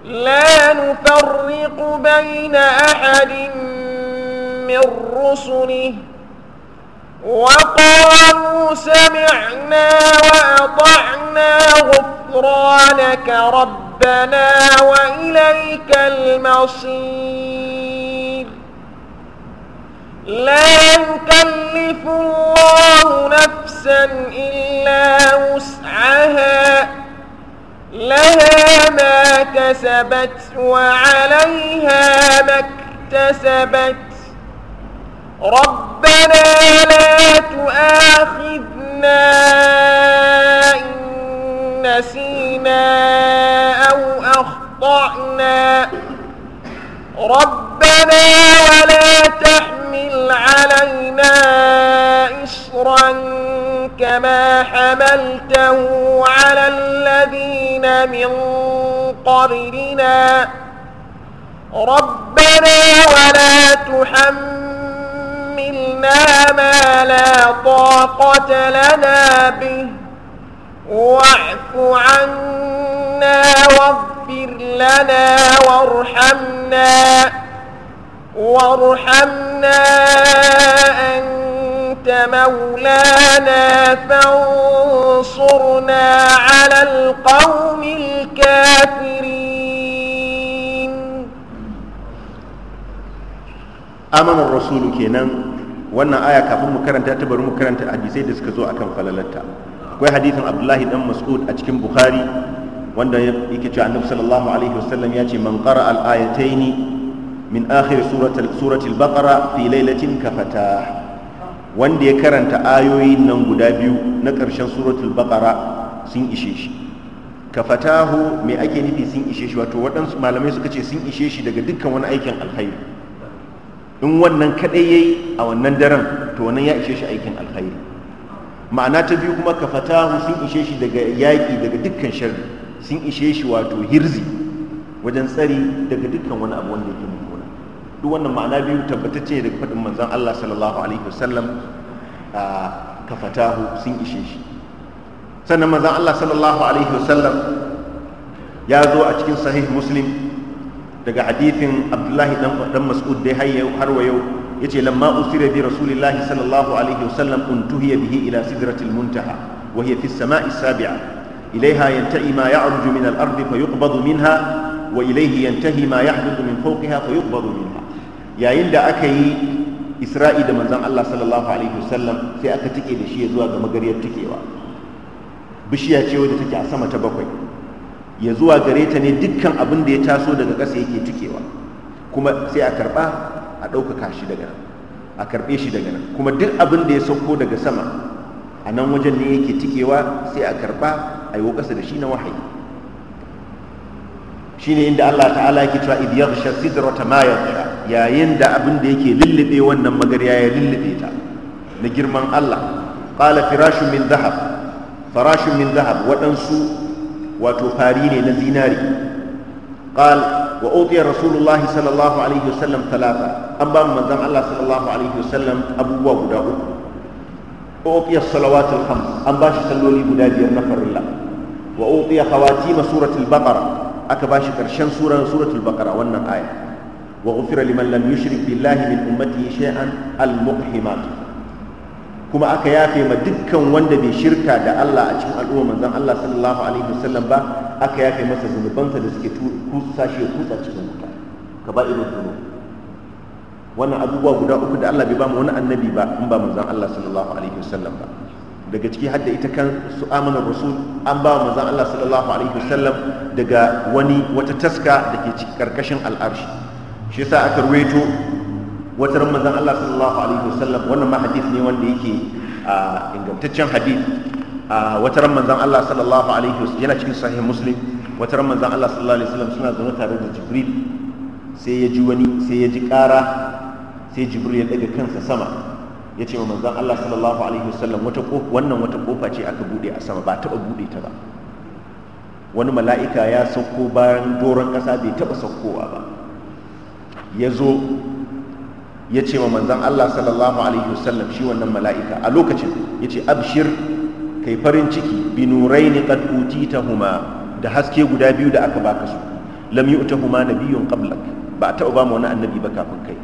لا نفرق بين أحد من رسله وقالوا سمعنا وأطعنا غفرانك ربنا وإليك المصير لا يكلف الله نفسا إلا وسعها لها ما كسبت وعليها ما اكتسبت ربنا لا تؤاخذنا إن نسينا أو أخطأنا ربنا ولا تحمل علينا إسرا كما حملته على الذين من قبلنا ربنا ولا تحملنا ما لا طاقة لنا به واعف عنا واضح اغفر لنا وارحمنا وارحمنا أنت مولانا فانصرنا على القوم الكافرين آمن الرسول كينان wannan aya kafin mu karanta ta bari mu karanta hadisai da suka zo akan falalarta akwai hadisin abdullahi dan mas'ud a cikin bukhari wanda yake cewa annabi sallallahu alaihi wasallam ya ce man qara al ayataini min akhir suratul suratul baqara fi lailatin kafata wanda ya karanta ayoyin nan guda biyu na ƙarshen suratul baqara sun ishe shi kafatahu me ake nufi sun ishe shi wato waɗansu malamai suka ce sun ishe shi daga dukkan wani aikin alkhairi in wannan kaɗai yayi a wannan daren to wannan ya ishe shi aikin alkhairi ma'ana ta biyu kuma kafatahu sun ishe shi daga yaƙi daga dukkan sharri sun ishe shi wato hirzi wajen tsari daga dukkan wani abu wanda yake mummuna duk wannan ma'ana biyu tabbatacce daga faɗin manzon Allah sallallahu alaihi wasallam a kafatahu sun ishe shi sannan manzon Allah sallallahu alaihi wasallam ya zo a cikin sahih muslim daga hadithin abdullahi dan mas'ud dai har wa yau yace lamma usira bi rasulillahi sallallahu alaihi wasallam untuhiya bihi ila sidratil muntaha wa hiya fi as-sama'i as-sabi'a إليها ينتهي ما يعرج من الأرض فيقبض منها وإليه ينتهي ما يحدث من فوقها فيقبض منها يا عند أكي إسرائيل من زم الله صلى الله عليه وسلم في أكتكي لشيء زواج مقرية تكيوا بشيء تشيو تكي عسما تبقي يزوا غريتا ne dukkan abin da ya taso daga ƙasa yake tukewa kuma sai a karba a ɗaukaka shi daga nan a karɓe shi daga nan kuma duk abin da ya sauko daga sama a nan wajen ne yake tikewa sai a karba a yi kasa da shi na wahayi shine inda Allah ta'ala yake cewa idh yaghsha sidrata ma yaghsha yayin da abin da yake lullube wannan magarya ya lullube ta na girman Allah qala firashu min zahab farashu min dhahab wadansu wato fari ne na zinari qala wa utiya rasulullahi sallallahu alaihi wasallam talata an ba mu manzon Allah sallallahu alaihi wasallam abubuwa guda uku uqiya salawatul khams an bashi salloli guda biyar na farilla wa uqiya khawatima suratul baqara aka bashi karshen surar suratul baqara wannan aya wa ghufira liman lam yushrik billahi min ummatihi shay'an al muqhimat kuma aka yafe ma dukkan wanda bai shirka da Allah a cikin al'umma manzon Allah sallallahu alaihi wasallam ba aka yafe masa zunubansa da suke kusa shi kusa cikin wuta kaba'irul wannan abubuwa guda uku da Allah bai ba mu wani annabi ba in ba manzon Allah sallallahu alaihi wasallam ba daga ciki hadda ita kan su amanar rasul an ba manzon Allah sallallahu alaihi wasallam daga wani wata taska da ke cikin karkashin al'arshi shi yasa aka ruwaito wata ran manzon Allah sallallahu alaihi wasallam wannan ma hadith ne wanda yake ingantaccen hadith wata ran manzon Allah sallallahu alaihi wasallam yana cikin sahih muslim wata ran manzon Allah sallallahu alaihi wasallam suna zaune tare da jibril sai ya ji wani sai ya ji kara. sai jibril ya daga kansa sama ya ce manzon Allah sallallahu alaihi wasallam wata wannan wata kofa ce aka bude a sama ba taba bude ta ba wani mala'ika ya sauko bayan doron kasa bai taba saukowa ba ya zo ya ce wa manzon Allah sallallahu alaihi wasallam shi wannan mala'ika a lokacin ya ce abshir kai farin ciki binuraini qad utitahuma da haske guda biyu da aka baka su lam yu'tahuma nabiyyun qablak ba a taɓa ba mu wani annabi ba kafin kai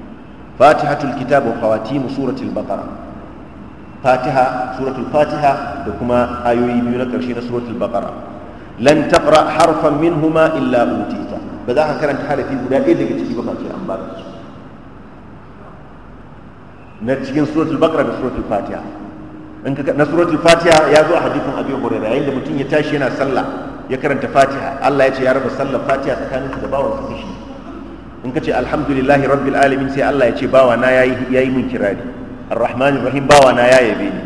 fatihatul kitab wa khawatimu suratul baqara fatiha suratul fatiha da kuma ayoyi biyu na karshe na suratul baqara lan taqra harfan minhuma illa utita ba za ka karanta harafi guda ɗaya daga ciki ba face an baka su na cikin suratul baqara da suratul fatiha na suratul fatiha ya zo a hadithin abi hurairah yayin da mutum ya tashi yana sallah ya karanta fatiha Allah ya ce ya raba sallar fatiha tsakanin da bawansa kishi. in ka ce alhamdulillahi rabbil alamin sai Allah ya ce bawa na yayi min kirari arrahmanir rahim bawa na ya yabe ni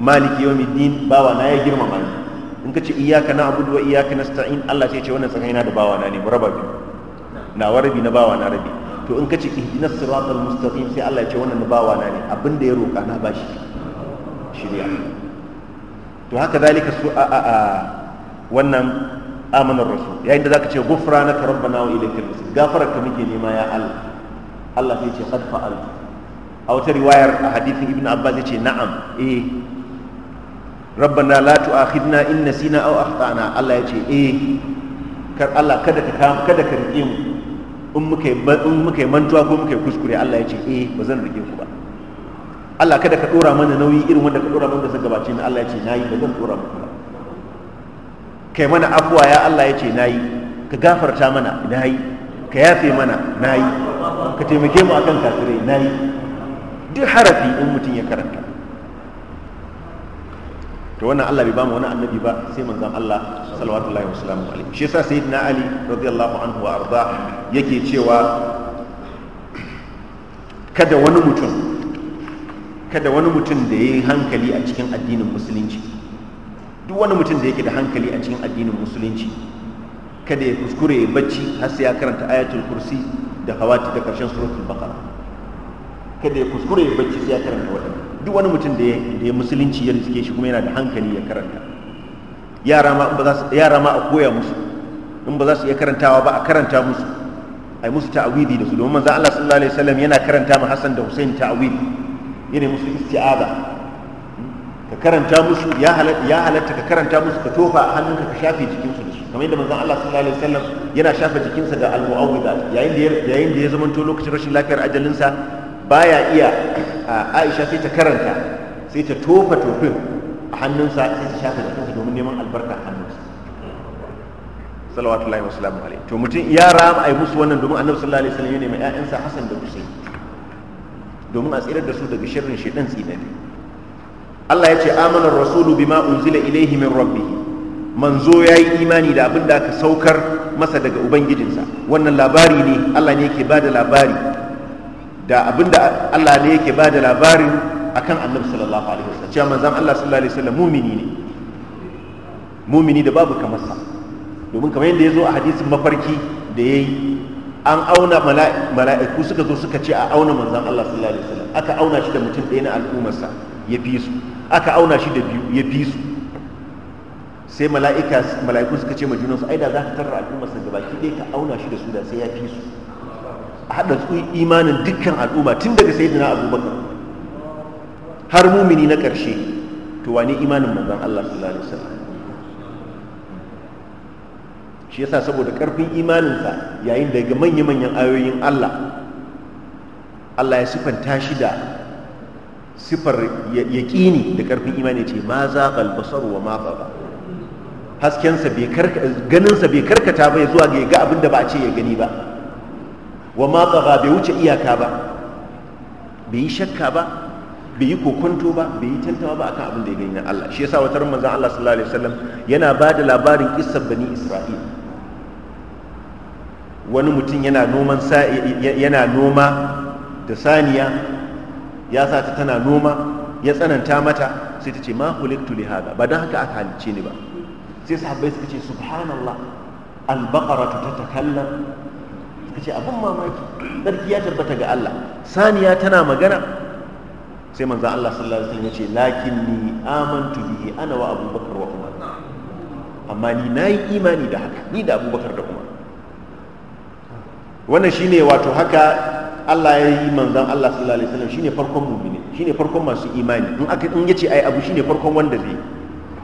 maliki yawmiddin bawa na ya girmama ni in ka ce iyyaka na'budu wa iyyaka nasta'in Allah sai ya ce wannan tsakaina da bawa na ne mu raba biyu na warabi na bawa na rabi to in ka ce ihdinas siratal mustaqim sai Allah ya ce wannan na bawa na ne abinda ya roka na bashi shirya to haka zalika su a a wannan amanar rasul yayin da zaka ce ghufranaka rabbana wa ilaykal masir gafararka muke nema ya Allah Allah sai ce qad fa'altu a wata riwayar a hadithin ibnu abbas yace na'am eh rabbana la tu'akhidna in nasina aw akhtana Allah yace eh kar Allah kada ka rike mu in muka in mantuwa ko muka kuskure Allah yace eh ba zan rike ku ba Allah kada ka dora mana nauyi irin wanda ka mana da gabace ni Allah kai mana afuwa ya Allah ya ce na yi ka gafarta mana na yi ka yafe mana na yi ka taimake mu akan kafirai na yi duk harafi in mutum ya karanta to wannan Allah bai ba mu wani annabi ba sai manzon Allah sallallahu alaihi wasallam shi yasa sayyidina Ali radiyallahu anhu wa arda yake cewa kada wani mutum kada wani mutum da yayi hankali a cikin addinin musulunci duk wani mutum da yake da hankali a cikin addinin musulunci kada ya kuskure ya bacci har sai ya karanta ayatul kursi da hawati da karshen suratul baqara kada ya kuskure ya bacci sai ya karanta waɗannan duk wani mutum da ya musulunci ya rike shi kuma yana da hankali ya karanta yara ma a koya musu in ba za su iya karantawa ba a karanta musu ai musu ta'awidi da su domin manzo Allah sallallahu alaihi wasallam yana karanta ma Hassan da Hussein ta'awidi yana musu isti'aza karanta musu ya halatta ka karanta musu ka tofa a hannunka ka shafe jikinsu da su kamar yadda manzon Allah sallallahu alaihi wasallam yana shafa jikinsa da al-mu'awwidat yayin da yayin da ya to lokacin rashin lafiyar ajalinsa baya iya Aisha sai ta karanta sai ta tofa tofin a hannunsa sai ta shafa jikinsa domin neman albarka a hannunsa sallallahu alaihi wasallam to mutum ya rama ai musu wannan domin Annabi sallallahu alaihi wasallam ya nemi ƴaƴansa Hassan da Hussein domin a tsirar da su daga sharrin shedan tsinani Allah ya ce amanar rasulu bima unzila ilaihi min rabbih manzo ya yi imani da abin da aka saukar masa daga ubangijinsa wannan labari ne Allah ne yake bada labari da abin da Allah ne yake bada labarin akan annabi sallallahu alaihi wasallam cewa manzon Allah sallallahu alaihi wasallam mumini ne mumini da babu kamar sa domin kamar yadda ya zo a hadisin mafarki da yayi an auna mala'iku suka zo suka ce a auna manzon Allah sallallahu alaihi wasallam aka auna shi da mutum ɗaya na al'ummarsa ya fi su aka auna shi da biyu ya fi su sai mala'ika mala'iku suka ce ma su, aida aida za ka tarra al'umma sa gabaki ki ka auna shi da su da sai ya fi su a haɗa imanin dukkan al'umma tun daga sayyidina abubakar har mumini na ƙarshe to wani imanin manzon Allah sallallahu alaihi wasallam shi yasa saboda ƙarfin imaninsa yayin daga manya-manyan ayoyin Allah Allah ya sifanta shi da sifar yaƙini da ƙarfin imani ce ma za ƙalbasar wa ma ba haskensa bai ganinsa bai karkata ba zuwa ga ga abin da ba a ce ya gani ba wa ma ba bai wuce iyaka ba bai yi shakka ba bai yi kokonto ba bai yi tantawa ba akan abin da ya gani na Allah shi yasa wata manzon Allah sallallahu alaihi wasallam yana ba da labarin kissar bani Isra'il wani mutum yana noma da saniya ya sa ta tana noma ya tsananta mata sai ta ce ma huliktu li hada ba dan haka aka halice ni ba sai sahabbai suka ce subhanallah ta tatakallam suka ce abin mamaki sarki ya tabbata ga Allah saniya tana magana sai manzo Allah sallallahu alaihi wasallam ya ce lakinni amantu bihi ana wa abubakar wa umar amma ni nayi imani da haka ni da abubakar da umar wannan shine wato haka Allah ya yi manzan Allah sallallahu alaihi wasallam shine farkon mu'mini shine farkon masu imani in aka in yace ai abu shine farkon wanda zai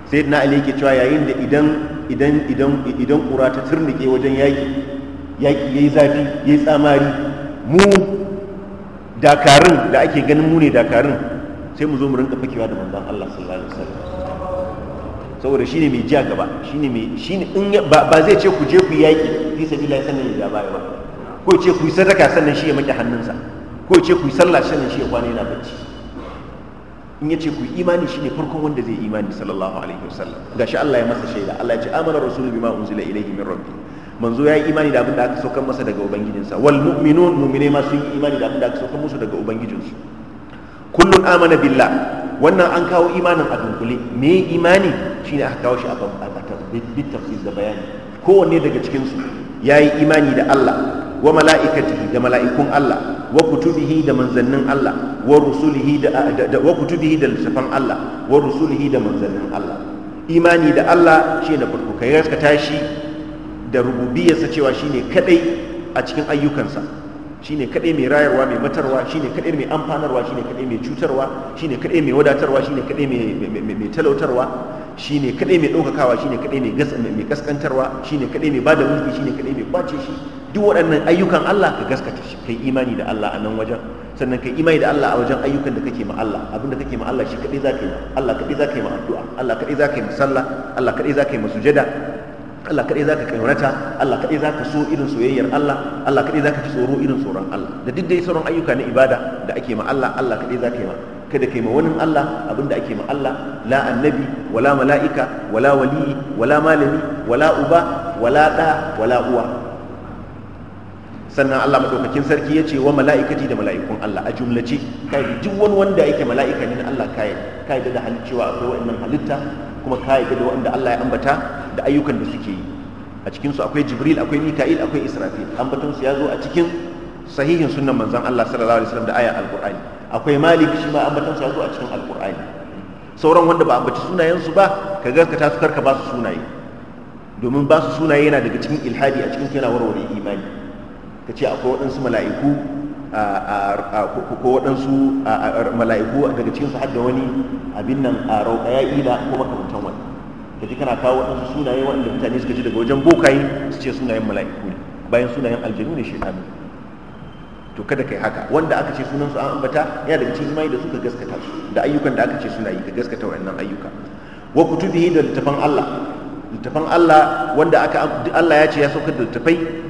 sayyidina Ali yake cewa yayin da idan idan idan idan kura ta turnike wajen yaki yaki yayi zafi yayi tsamari mu dakarun da ake ganin mu ne dakarun sai mu zo mu rinka fakewa da manzan Allah sallallahu alaihi wasallam saboda shine mai jiya gaba shine mai shine in ba zai ce ku je ku yaki fi sabilillah sannan ya ba ba ko ce ku yi sadaka sannan shi ya maki hannunsa ko ce ku yi sallah sannan shi ya kwana yana bacci in ya ce ku yi imani ne farkon wanda zai imani sallallahu alaihi wasallam shi Allah ya masa shaida Allah ya ce amana rasulu bima unzila ilayhi min rabbi manzo ya yi imani da abin da aka saukar masa daga ubangijinsa wal mu'minun mu'mine ma sun yi imani da abin da aka saukar musu daga ubangijinsu kullun amana billah wannan an kawo imanin a dunkule me imani shine aka kawo shi a tafsir da bayani kowanne daga cikin su yayi imani da Allah wa mala'ikatihi da mala'ikun Allah wa kutubihi da manzannin Allah wa rusulihi da wa kutubihi da littafan Allah wa rusulihi da manzannin Allah imani da Allah shi ne farko kai gaskata tashi da rububiyarsa cewa shine kadai a cikin ayyukansa shine kadai mai rayarwa mai matarwa shine kadai mai amfanarwa shine kadai mai cutarwa shine kadai mai wadatarwa shine kadai mai talautarwa shine kadai mai daukakawa shine kadai mai gaskantarwa shine kadai mai bada mulki shine kadai mai kwace shi duk waɗannan ayyukan Allah ka gaskata shi kai imani da Allah a nan wajen sannan kai imani da Allah a wajen ayyukan da kake ma Allah Abin da kake ma Allah shi kadai zaka yi Allah kadai zaka yi ma addu'a Allah kadai zaka yi sallah. Allah kadai zaka yi sujada Allah kadai zaka kaunata Allah kadai zaka so irin soyayyar Allah Allah kadai zaka ci tsoro irin tsoron Allah da duk dai sauran ayyuka na ibada da ake ma Allah Allah kadai zaka yi ma kada ka yi ma wani Allah Abin da ake ma Allah la annabi wala mala'ika wala wali wala malami wala uba wala da wala uwa sannan Allah madaukakin sarki ya ce wa mala'ikati da mala'ikun Allah a jumlace kai duk wani wanda yake mala'ika ne na Allah kai kai da halicewa akwai wannan halitta kuma kai da wanda Allah ya ambata da ayyukan da suke yi a cikin su akwai Jibril akwai Mika'il akwai Israfil ambaton su ya zo a cikin sahihin sunnan manzon Allah sallallahu alaihi wasallam da aya alqur'ani akwai Malik shi ma ambaton su ya zo a cikin alqur'ani sauran wanda ba ambaci sunayen su ba ka gaskata tasu karka ba su sunaye domin ba su sunaye yana daga cikin ilhadi a cikin yana warware imani ka ce akwai waɗansu mala'iku ko waɗansu mala'iku daga cikinsu har da wani abin nan a ya ila ko makamantan wani ka ji kana kawo waɗansu sunaye waɗanda mutane suka ji daga wajen bokaye su ce sunayen mala'iku ne bayan sunayen aljanu ne shekaru to kada kai haka wanda aka ce sunansu an ambata yana daga cikin mai da suka gaskata su da ayyukan da aka ce suna yi ka gaskata wa'annan ayyuka wa kutubihi da littafan Allah littafan Allah wanda aka Allah ya ce ya saukar da littafai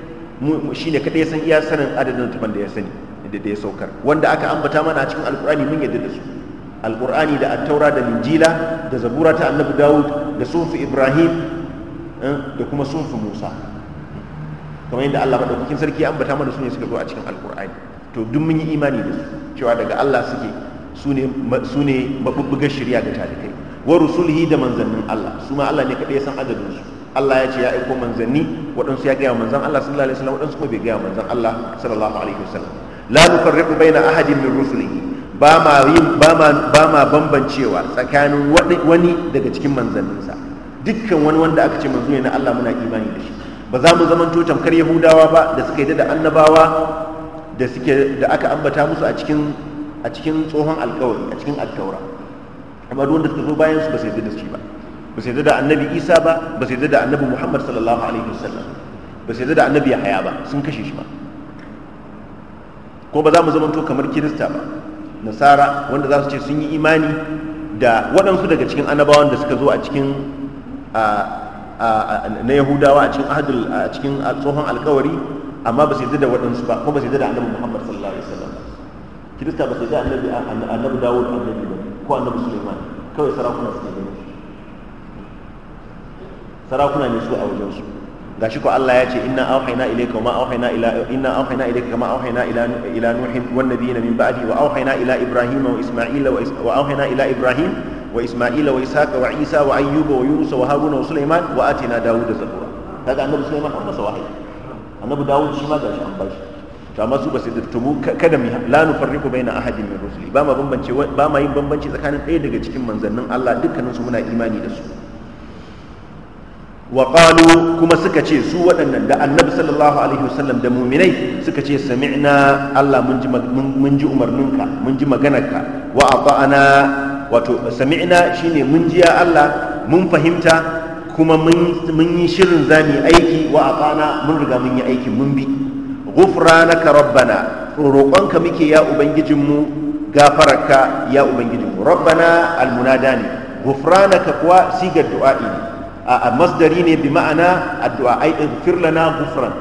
shi ne kaɗai san iya sanin adadin littafan da ya sani da ya saukar wanda aka ambata mana a cikin alkur'ani mun yadda da su alkur'ani da attaura da linjila da zabura ta annabi dawud da sunfi ibrahim eh, da kuma sunfi musa kamar yadda allah maɗaukakin sarki ya ambata mana su ne suka zo a cikin alkur'ani to duk mun yi imani da su cewa daga allah suke su ne mabubbugar shirya ga talibai. wa rusulhi da manzannin allah su ma allah ne kaɗai san adadin su Allah ya ce ya aiko manzanni waɗansu ya gaya manzan Allah sallallahu alaihi wasallam waɗansu kuma bai gaya manzan Allah sallallahu alaihi wasallam la nufarriqu baina ahadin min rusulihi ba ma yin ba ma ba ma bambancewa tsakanin wani daga cikin manzanninsa dukkan wani wanda aka ce manzo ne na Allah muna imani da shi ba za mu to tamkar yahudawa ba da suka yi da annabawa da suke da aka ambata musu a cikin a cikin tsohon alkawari a cikin alƙawara. amma duk wanda suka zo bayan su ba sai da shi ba ba sai da annabi isa ba ba sai da annabi muhammad sallallahu alaihi wasallam ba sai da annabi yahaya ba sun kashe shi ba ko ba za mu zamanto kamar kirista ba nasara wanda za su ce sun yi imani da waɗansu daga cikin annabawan da suka zo a cikin na yahudawa a cikin ahadul a cikin tsohon alkawari amma ba sai da waɗansu ba ko ba sai da annabi muhammad sallallahu alaihi wasallam kirista ba sai da annabi annabi dawud annabi ba ko annabi suleiman kawai sarakuna suke gani sarakuna ne su a wajen su gashi ko Allah ya ce inna auhayna ilayka wa ma auhayna ila inna auhayna ilayka kama auhayna ila ila nuhin wan nabiyina min ba'di wa auhayna ila ibrahim wa isma'ila wa auhayna ila ibrahim wa isma'ila wa ishaqa wa isa wa ayyuba wa yunus wa haruna wa sulaiman wa atina dawuda zabura kaga annabi sulaiman an masa wahayi annabi dawud shi ma gashi an bashi to amma su ba su dirtumu kada mu la nufarriqu baina ahadin min rusuli ba ma bambance ba ma yin bambanci tsakanin ɗaya daga cikin manzannin Allah dukkanin su muna imani da su wa kuma suka ce su waɗannan da annabi sallallahu alaihi wasallam da muminai suka ce sami'na Allah mun ji umarninka mun ji maganarka wa ata'ana wato sami'na shine mun ji ya Allah mun fahimta kuma mun yi shirin zami aiki wa ata'ana mun riga mun yi aiki mun bi ghufranaka rabbana roƙonka muke ya ubangijinmu gafararka ya ubangijinmu almunada ne ghufranaka kuwa sigar du'a'i ne a masdari ne bi ma'ana addu'a ai ighfir lana ghufran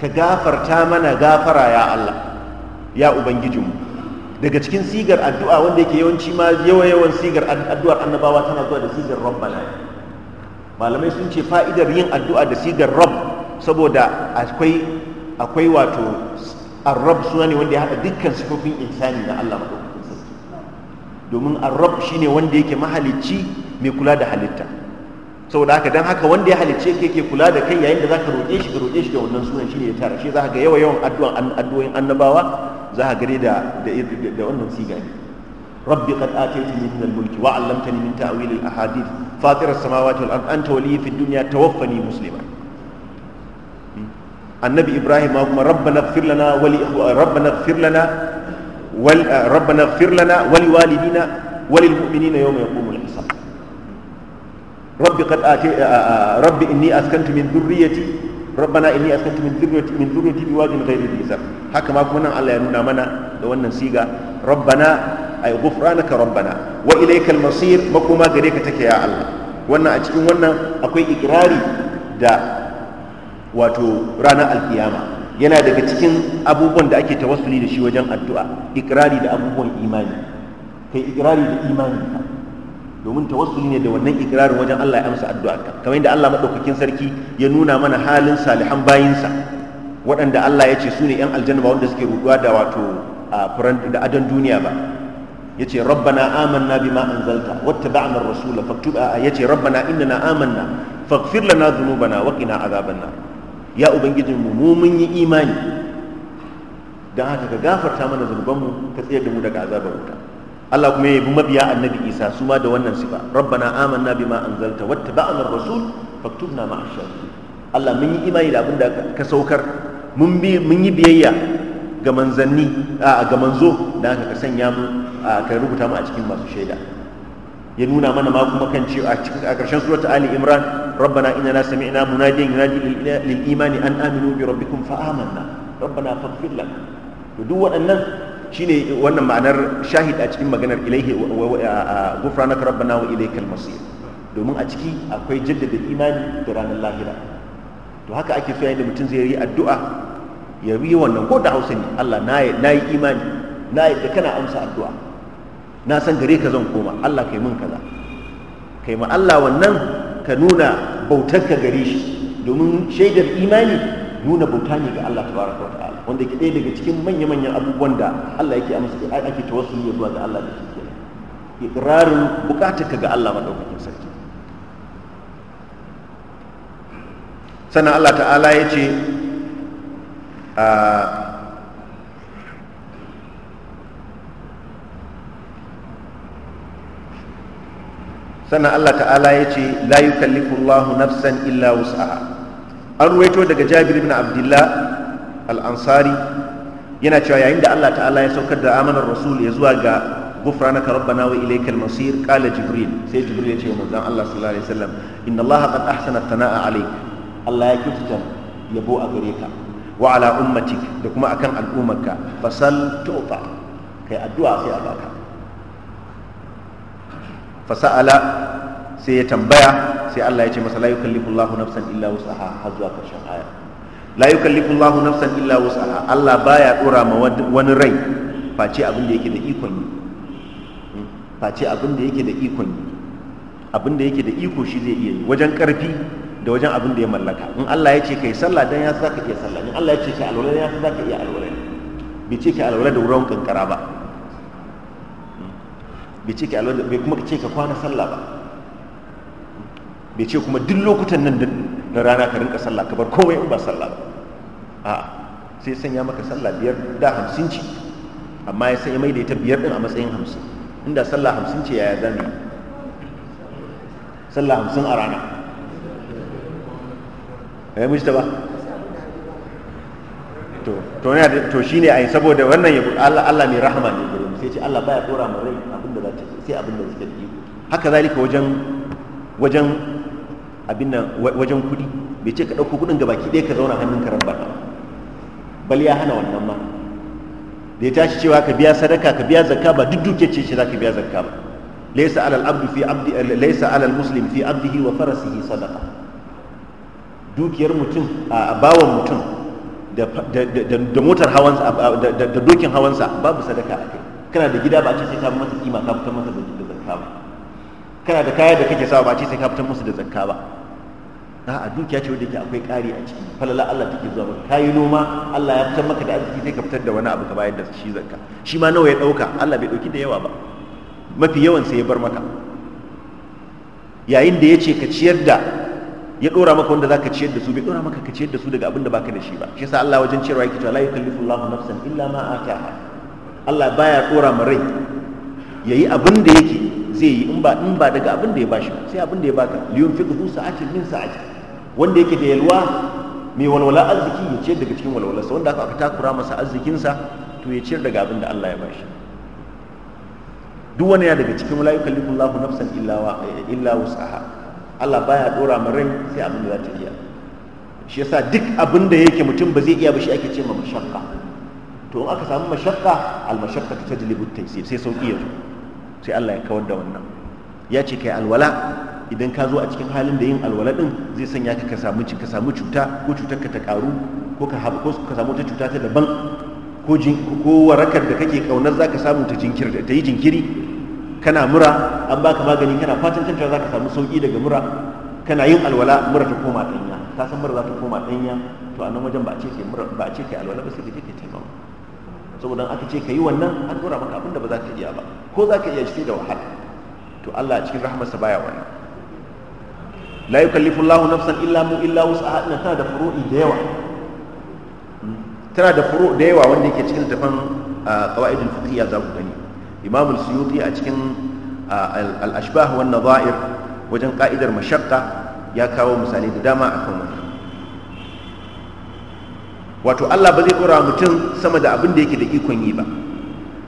ka gafarta mana gafara ya Allah ya ubangijinmu daga cikin sigar addu'a wanda yake yawanci ma yawa-yawan sigar addu'ar annabawa tana zuwa da sigar rabbana malamai sun ce fa'idar yin addu'a da sigar rabb saboda akwai akwai wato arrab suna ne wanda ya haɗa dukkan sifofin insani na Allah maɗaukakin sarki domin arrab shine wanda yake mahalicci mai kula da halitta saboda haka dan haka wanda ya halicce ka yake kula da kai yayin da zaka roƙe shi ka roƙe shi da wannan sunan shine ya tara shi zaka ga yawa yawan addu'an addu'o'in annabawa zaka ka gare da da wannan siga ne rabbi qad ataytani min al-mulki wa 'allamtani min ta'wil al-ahadith fatir as-samawati wal ard anta waliyyi fid dunya tawaffani muslima annabi ibrahim ma kuma rabbana ighfir lana wa li rabbana ighfir lana wa rabbana ighfir lana wa li walidina wa lil mu'minina yawma yaqumul hisab rabbi qad ati askantu min dhurriyyati rabbana inni askantu min dhurriyyati min dhurriyyati biwadin haka ma kuma nan Allah ya nuna mana da wannan siga rabbana ay ghufranaka rabbana wa ilaykal masir makoma gare ka take ya Allah wannan a cikin wannan akwai ikrari da wato ranar alkiyama yana daga cikin abubuwan da ake tawassuli da shi wajen addu'a ikrari da abubuwan imani kai ikrari da imani domin tawassuli ne da wannan ikirarin wajen Allah ya amsa addu'arka kamar yadda Allah madaukakin sarki ya nuna mana halin salihan bayinsa waɗanda Allah ya ce su ne yan aljanna ba wanda suke ruduwa da wato furan da adon duniya ba yace rabbana amanna bima anzalta wattaba'na ar-rasula faktuba yace rabbana innana amanna faghfir lana dhunubana wa qina adhaban nar ya ubangijin mu mu mun yi imani dan haka ka gafarta mana zunubanmu ka tsayar da mu daga azabar wuta Allah kuma ya bi mabiya annabi Isa su ma da wannan sifa rabbana amanna bima anzalta wattaba'na ar-rasul faktubna ma'a shahidin Allah mun yi imani da abin da ka saukar mun bi mun yi biyayya ga manzanni ga manzo da aka sanya mu ka rubuta mu a cikin masu shaida ya nuna mana ma kuma kan cewa a cikin a ƙarshen suratul ali imran rabbana inna sami'na munadiyan yunadi lil imani an aminu bi rabbikum fa amanna rabbana faghfir lana to duk waɗannan shine wannan ma'anar shahid a cikin maganar ilaihi ghufranaka rabbana wa ilaikal masir domin a ciki akwai jaddada imani da ranar lahira to haka ake so yayin da mutum zai yi addu'a ya yi wannan ko da Hausa ne Allah na yi imani na yadda kana amsa addu'a na san gare ka zan koma Allah kai mun kaza kai ma Allah wannan ka nuna bautar ka gare shi domin shaidar imani nuna bauta ne ga Allah tabaraka wa ta'ala wanda ke ɗaya daga cikin manya-manyan abubuwan da Allah yake amsa ake tawassuli zuwa ga Allah da shi kenan iqrarin bukatarka ga Allah madaukakin sarki sannan Allah ta'ala ya ce ah, sannan Allah ta'ala ya ce la yukallifu Allahu nafsan illa wus'aha an ruwaito daga jabir ibn abdullah al-ansari yana cewa yayin da Allah ta'ala ya saukar da amanar rasul ya zuwa ga gufranaka rabbana wa ilaykal masir qala jibril sai jibril ya ce wa manzon Allah sallallahu alaihi wasallam inna Allah qad ahsana thanaa alayk Allah ya kyautata yabo a gare ka wa ala ummatik da kuma akan al'ummarka fasal tu'ta kai addu'a sai a baka fasala sai ya tambaya sai Allah ya ce masa la yukallifu Allahu nafsan illa wus'aha har zuwa karshen aya la yukallifu Allahu nafsan illa wus'aha Allah baya dora ma wani rai face abin da yake da ikon ne face abin da yake da ikon ne abin da yake da iko shi zai iya wajen karfi da wajen abin da ya mallaka in Allah ya ce kai sallah dan ya saka iya sallah in Allah ya ce kai alwala dan ya saka iya alwala bai ce kai alwala da wurin kankara ba bai ce kai alwala bai kuma ce ka kwana sallah ba bai ce kuma duk lokutan nan na rana ka rinka sallah ka bar komai in ba sallah ba a sai sanya maka sallah biyar da hamsin ce amma ya sanya mai da ita biyar din a matsayin hamsin inda sallah hamsin ce yaya zami sallah hamsin a rana ya eh, mujta ba to to ne a yi saboda wannan ya Allah Allah mai rahama ne gare mu sai ce Allah baya dora mu rai abinda za ta sai abinda suke yi haka zalika wajen wajen abin nan wajen kuɗi bai ce ka ɗauko kuɗin ga baki ɗaya ka zauna hannun karan ba bal ya hana wannan ma da ya tashi cewa ka biya sadaka ka biya zakka ba duk duke ce za ka biya zakka ba laysa alal abdu fi abdi laysa alal muslim fi abdihi wa farasihi sadaqa dukiyar mutum a bawan mutum da motar hawansa da dokin hawansa babu sadaka a kai kana da gida ba a ce sai ka masa kima ka fitar masa da zakka ba kana da kaya da kake sawa ba ce sai ka fitar musu da zakka ba a'a dukiya ce wanda yake akwai ƙari a ciki falala Allah take zuwa maka kayi noma Allah ya fitar maka da arziki sai ka fitar da wani abu ka bayar da shi zakka shi ma nawa ya ɗauka Allah bai ɗauki da yawa ba mafi yawan sai ya bar maka yayin da ya ce ka ciyar da ya ɗora maka wanda za ka ciyar da su bai ɗora maka ka ciyar da su daga abin da baka da shi ba shi yasa Allah wajen cewa yake cewa la yukallifu Allah nafsan illa ma ataha Allah baya ɗora ma rai yayi abin da yake zai yi in ba in ba daga abin da ya bashi sai abin da ya baka liyun fi dubu sa'atin min sa'ati wanda yake da yalwa mai walwala arziki ya ciyar daga cikin walwalarsa wanda aka takura masa arzikinsa to ya ciyar daga abin da Allah ya bashi duk wani ya daga cikin la yukallifu Allahu nafsan illa illa wusaha Allah baya dora min rai sai abin da za ta iya shi yasa duk abin da yake mutum ba zai iya ba shi ake ce ma mashakka to in aka samu mashakka al mashakka tajlibu at-taysir sai sauki ya zo sai Allah ya kawar da wannan ya ce kai alwala idan ka zo a cikin halin da yin alwala din zai sanya ka ka samu cuta ko cutar ka ta karu ko ka ka samu ta cuta ta daban ko ko warakar da kake kaunar zaka samu ta jinkir ta yi jinkiri kana mura an baka magani kana fatan kan cewa zaka samu sauki daga mura kana yin alwala mura ta koma danya ka san mura za ta koma danya to a nan wajen ba a ce ba a ce kai alwala ba sai ka je ka taimama saboda aka ce ka yi wannan an dora maka abin da ba za ka iya ba ko za ka iya shi da wahala to Allah a cikin rahmarsa baya wannan la yukallifu Allah nafsan illa mu illa wus'aha inna tana da furu'i da yawa hmm. tana da furu da yawa wanda yake cikin tafan qawaidul fiqhiyya za ku gani Imam al-Suyuti a cikin al-ashbah wan nadha'ir wajen ka'idar mashaqqa ya kawo misali da dama akan wannan wato Allah ba zai dora mutum sama da abin da yake da ikon yi ba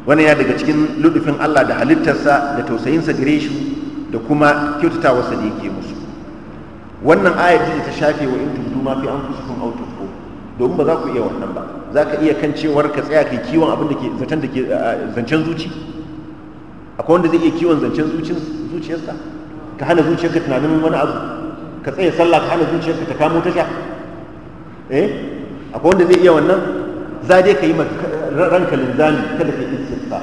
wannan ya daga cikin ludufin Allah da halittarsa da tausayinsa gare shi da kuma kyautatawarsa da yake musu wannan ayat da ta shafe wa in mafi ma fi anfusikum aw tukhu domin ba za ku iya wannan ba za ka iya kan cewar ka tsaya kai kiwon abin da ke zaton da ke zancen zuci akwai wanda zai iya kiwon zancen zuciyarsa ka hana zuciyarka tunanin wani abu ka tsaya sallah ka hana zuciyarka ta kamo tasha eh akwai wanda zai iya wannan za dai ka yi ranka linzami kada ka yi istisqa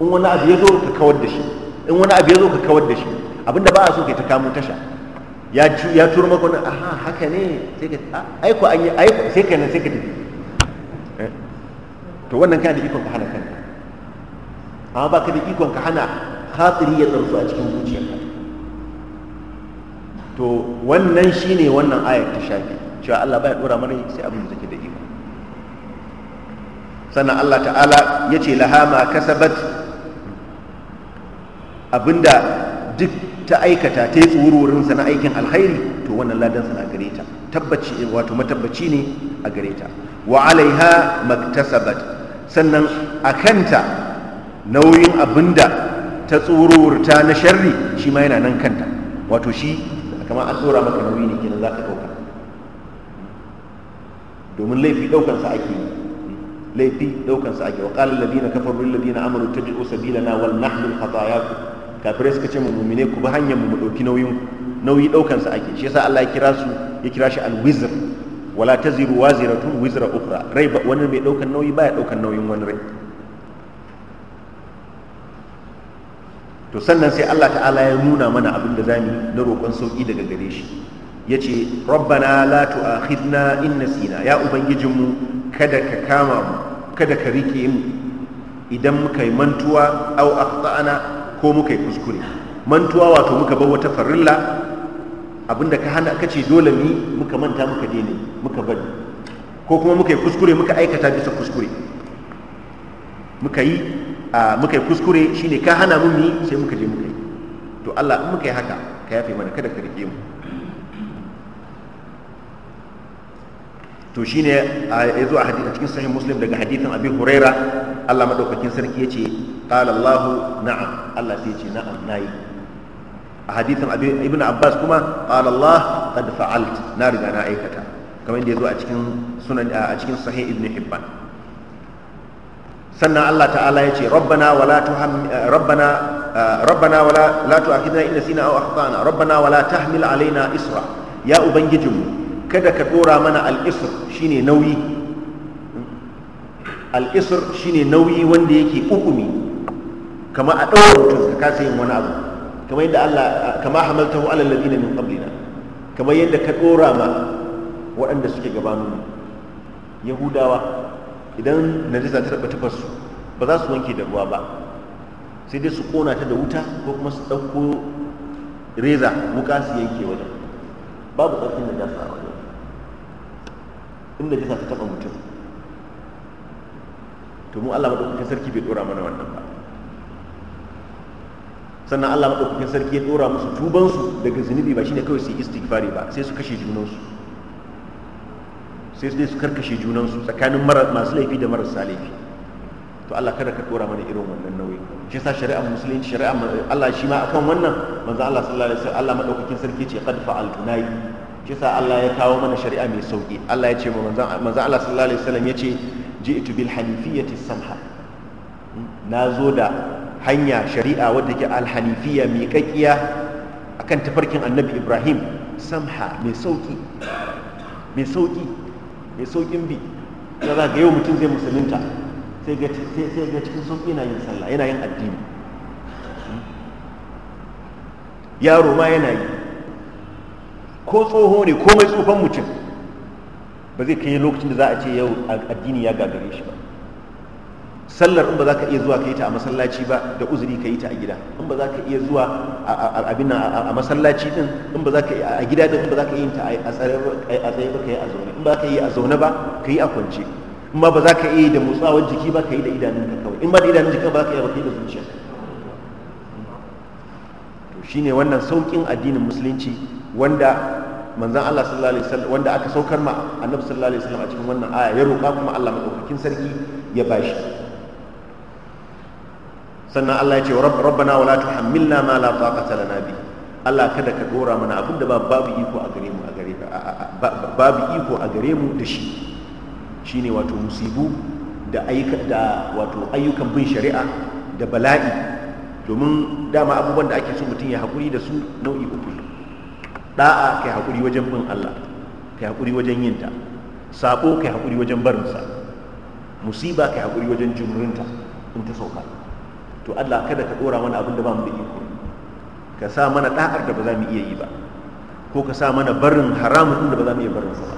in wani abu ya zo ka kawar da shi in wani abu ya zo ka kawar da shi abinda ba a so kai ta kamo tasha ya ya turo maka wannan aha haka ne sai ka ai ko an yi ai sai ka nan sai ka tafi eh. to wannan kana da ikon ka hana kanka amma ba ka da ikon ka hana hatsari ya tsarsu a cikin zuciyarka to wannan shine wannan ayar ta shafi cewa Allah baya dora mana sai abin da take da iko sannan Allah ta'ala ya ce Lahama, ma kasabat abinda duk ta aikata ta yi tsururinsa na aikin alkhairi to wannan ladansa na gare ta tabbaci wato matabbaci ne a gare ta wa alaiha maktasabat sannan a kanta nauyin abinda ta tsururta na sharri shi ma yana nan kanta wato shi kamar an tsora maka nauyi ne kenan za ka ɗauka domin laifi daukansa ake yi laifi daukansa ake wa qala alladhina kafaru alladhina amanu tabi'u sabilana wal nahmil khatayakum Kafire suka ce mu mu'mine ku bi hanyar mu dauki nauyin nauyi daukansa ake shi yasa Allah ya kira su ya kira shi al-wizr wala taziru waziratun wizra ukhra rai wani mai daukan nauyi baya daukan nauyin wani rai to sannan sai Allah ta'ala ya nuna mana abin da zamu na roƙon sauki daga gare shi ya ce rabbana la tu'akhidna in nasina ya ubangijinmu kada ka kama mu kada ka rike mu idan muka yi mantuwa au akhtana ko muka yi kuskure mantuwa wato muka bar wata farilla abinda ka hana ka ce dole mu muka manta muka daina muka bari ko kuma muka yi kuskure muka aikata bisa kuskure muka yi muka yi kuskure shine ka hana mu mu sai muka je muka yi to Allah in muka yi haka ka yafe mana kada ka rike mu to shine ya zo a cikin sahih muslim daga hadithin abi huraira Allah madaukakin sarki ce qala Allah na'am Allah sai ce na'am nayi a hadithin ibn abbas kuma qala Allah qad fa'alt na riga na aikata kamar yadda ya zo a cikin sunan a cikin sahih ibn hibban sannan Allah ta'ala ya ce rabbana wala tuham rabbana rabbana wala la tu'akhidna in nasina aw akhtana rabbana wala tahmil alaina isra ya ubangijinmu kada ka dora mana al'isr shine nauyi al'isr shine nauyi wanda yake ukumi kama a ɗaura mutum ka kasa yin wani abu kama yadda Allah kama hamaltahu alal ladina min qablina kama yadda ka dora ma waɗanda suke gabanu yahudawa idan najasa ta ba tufarsu ba za su wanke da ruwa ba sai dai su kona ta da wuta ko kuma su ɗauko reza wuka su yanke wajen babu ƙarfin najasa ba in najasa ta taba mutum to mu Allah madaukakin sarki bai dora mana wannan ba sannan Allah madaukakin sarki ya dora musu tubansu daga zunubi ba shine kawai su yi istighfari ba sai su kashe junansu sai su ne su karkashe junansu tsakanin masu laifi da marasa laifi to Allah kada ka dora mana irin wannan nauyi shi yasa shari'ar musulunci shari'ar Allah shi ma akan wannan manzo Allah sallallahu alaihi wasallam Allah madaukakin sarki ce qad fa'altu nayi Kisa Allah ya kawo mana shari'a mai sauki Allah ya ce ma manzon Allah sallallahu alaihi wasallam ya ce ji'tu bil hanifiyati samha na zo da hanya shari'a wadda ke alhanifiya mai kakkiya akan tafarkin annabi Ibrahim samha mai sauki mai sauki mai saukin bi za ga yau mutum zai musulunta sai ga cikin sauki yana yin sallah yana yin addini yaro ma yana yi ko tsoho ne ko mai tsufan mutum ba zai kai lokacin da za a ce yau addini ya gagare shi ba sallar in ba za ka iya zuwa ka yi ta a masallaci ba da uzuri ka yi ta a gida in ba za ka iya zuwa abin a masallaci din in ba za ka a gida din in ba za ka yi ta a tsaye ba ka yi a zaune in ba ka yi a zaune ba ka yi a kwance in ba za ka iya da motsawar jiki ba ka yi da idanunka kawai in ba da idanun jiki ba za ka iya ba ka yi da zuciya to shine wannan saukin addinin musulunci wanda manzon Allah sallallahu alaihi wasallam wanda aka saukar ma annabi sallallahu alaihi wasallam a cikin wannan aya ya roƙa kuma Allah madaukakin sarki ya bashi sannan Allah ya ce rabbana wala tuhammilna ma la taqata lana bi Allah kada ka dora mana abin da babu iko a gare mu a gare babu iko a gare mu da shi shine wato musibu da ayyuka da wato ayyukan bin shari'a da bala'i domin dama abubuwan da ake so mutum ya haƙuri da su nau'i uku da'a kai hakuri wajen bin Allah kai hakuri wajen yin ta sabo kai hakuri wajen barin sa musiba kai hakuri wajen jumrinta in ta sauka to Allah kada ka dora mana abin da ba mu da iko ka sa mana da'ar da ba za mu iya yi ba ko ka sa mana barin haramun da ba za mu iya barin sa ba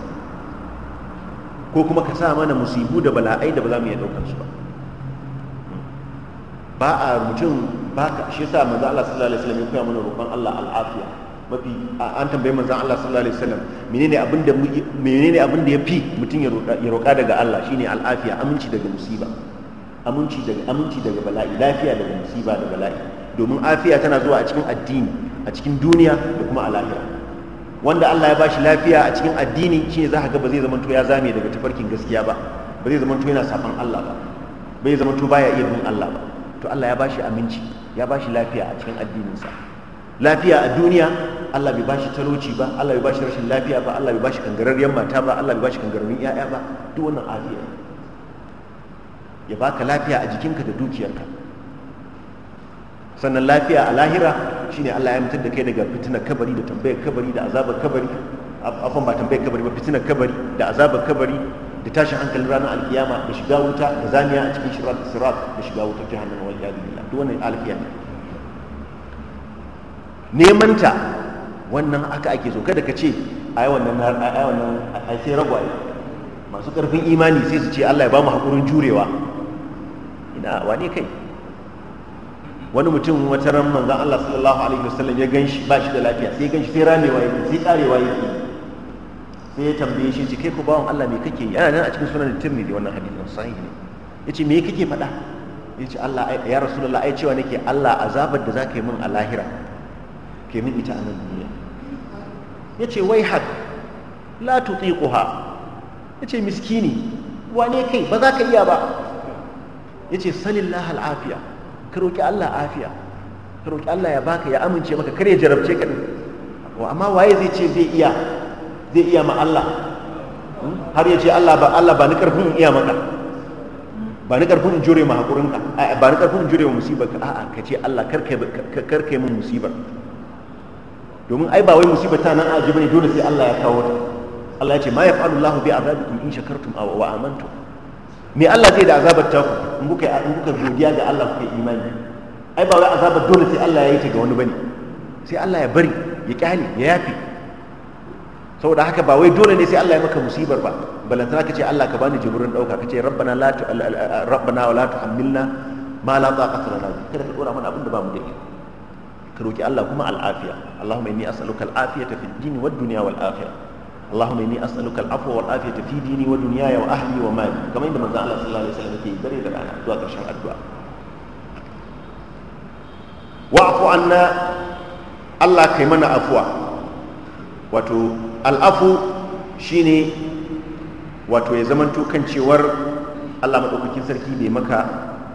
ko kuma ka sa mana musibu da bala'ai da ba za mu iya daukar su ba ba a mutum ba ka shi sa manzo Allah sallallahu alaihi wasallam ya koya mana roƙon Allah al'afiya mafi an tambayi manzon Allah sallallahu alaihi wasallam menene abin da menene abin da yafi mutum ya roƙa daga Allah shine al'afiya aminci daga musiba aminci daga aminci daga bala'i lafiya daga musiba da bala'i domin afiya tana zuwa a cikin addini a cikin duniya da kuma a wanda Allah ya bashi lafiya a cikin addini shine za ka ga ba zai zama to ya zame daga tafarkin gaskiya ba ba zai zama to yana safan Allah ba bai zama to baya iya bin Allah ba to Allah ya bashi aminci ya bashi lafiya a cikin addininsa lafiya a duniya Allah bai bashi talauci ba Allah bai bashi rashin lafiya ba Allah bai bashi kangararriyar mata ba Allah bai bashi kangararrun yaya ba duk wannan afiya ya baka lafiya a jikinka da dukiyarka sannan lafiya a lahira shine Allah ya mutar da kai daga fitinar kabari da tambayar kabari da azabar kabari afan ba tambayar kabari ba fitinar kabari da azabar kabari da tashin hankalin ranar alkiyama da shiga wuta da zaniya a cikin sirat da shiga wutar jahannama wal iyadu billah duk wannan alfiya ne neman ta wannan haka ake so kada ka ce ai wannan ai wannan ai sai ragwaye masu karfin imani sai su ce Allah ya ba mu hakurin jurewa ina wane kai wani mutum wata ran manzon Allah sallallahu alaihi wasallam ya ganshi ba shi da lafiya sai ganshi sai ramewa yake sai karewa yake sai ya tambaye shi ce kai ku bawon Allah me kake yana nan a cikin sunan Tirmidhi wannan hadisin sahihi ne yace me kake faɗa yace Allah ya Rasulullah ai cewa nake Allah azabar da zaka yi min a lahira ke ita a nan duniya ya ce wai had la tutiquha ya ce miskini wane kai ba za ka iya ba ya ce salillah al'afiya ka roƙi Allah afiya ka roƙi Allah ya baka ya amince maka kar ya jarabce ka din amma waye zai ce zai iya zai iya ma Allah hmm? har ya ce Allah ba Allah ba ni karfin iya maka ba ni karfin jure ma hakurinka ba ni karfin jure wa musibar ka a'a ka ce Allah kai min musibar domin ai ba wai musiba ta nan aji bane dole sai Allah ya kawo ta Allah ya ce ma yaf'alu Allahu bi azabikum in shakartum aw wa amantum me Allah zai da azabar ta ku in kuka in kuka godiya ga Allah kuka imani ai ba wai azaba dole sai Allah ya yi ta ga wani bane sai Allah ya bari ya kyale ya yafi saboda haka ba wai dole ne sai Allah ya maka musibar ba balantana ka ce Allah ka bani jiburin dauka ka ce rabbana la rabbana wa la tuhammilna ma la taqata lana kada ka dora mana abin da ba mu da ka roki Allah kuma al'afiya Allahumma inni as'aluka al'afiyata fid dini wad dunya wal akhirah اللهم اني اسالك العفو والعافيه في ديني ودنياي واهلي ومالي كما عندما قال الله صلى الله عليه وسلم في دري دري انا دعاء كرشن الدعاء واعف عنا الله كي منا عفوا واتو العفو شيني واتو wato ya تو kan cewar Allah madaukakin sarki bai maka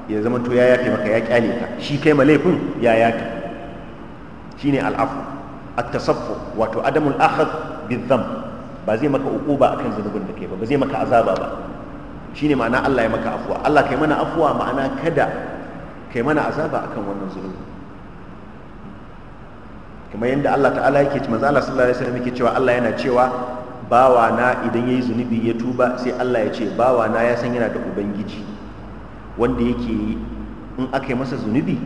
ya zamanto ya yafe maka ya kyale ka shi kai ma ya yafe shine al'afu at-tasaffu wato adamul akhadh bidh-dhanb ba zai maka ukuba akan zunubin da kai ba ba zai maka azaba ba shine ma'ana Allah ya maka afuwa Allah kai mana afuwa ma'ana kada kai mana azaba akan wannan zunubi kamar yadda Allah ta'ala yake manzo Allah sallallahu alaihi wasallam yake cewa Allah yana cewa bawa na idan yayi zunubi ya tuba sai Allah ya ce bawa na ya san yana da ubangiji wanda yake in aka yi masa zunubi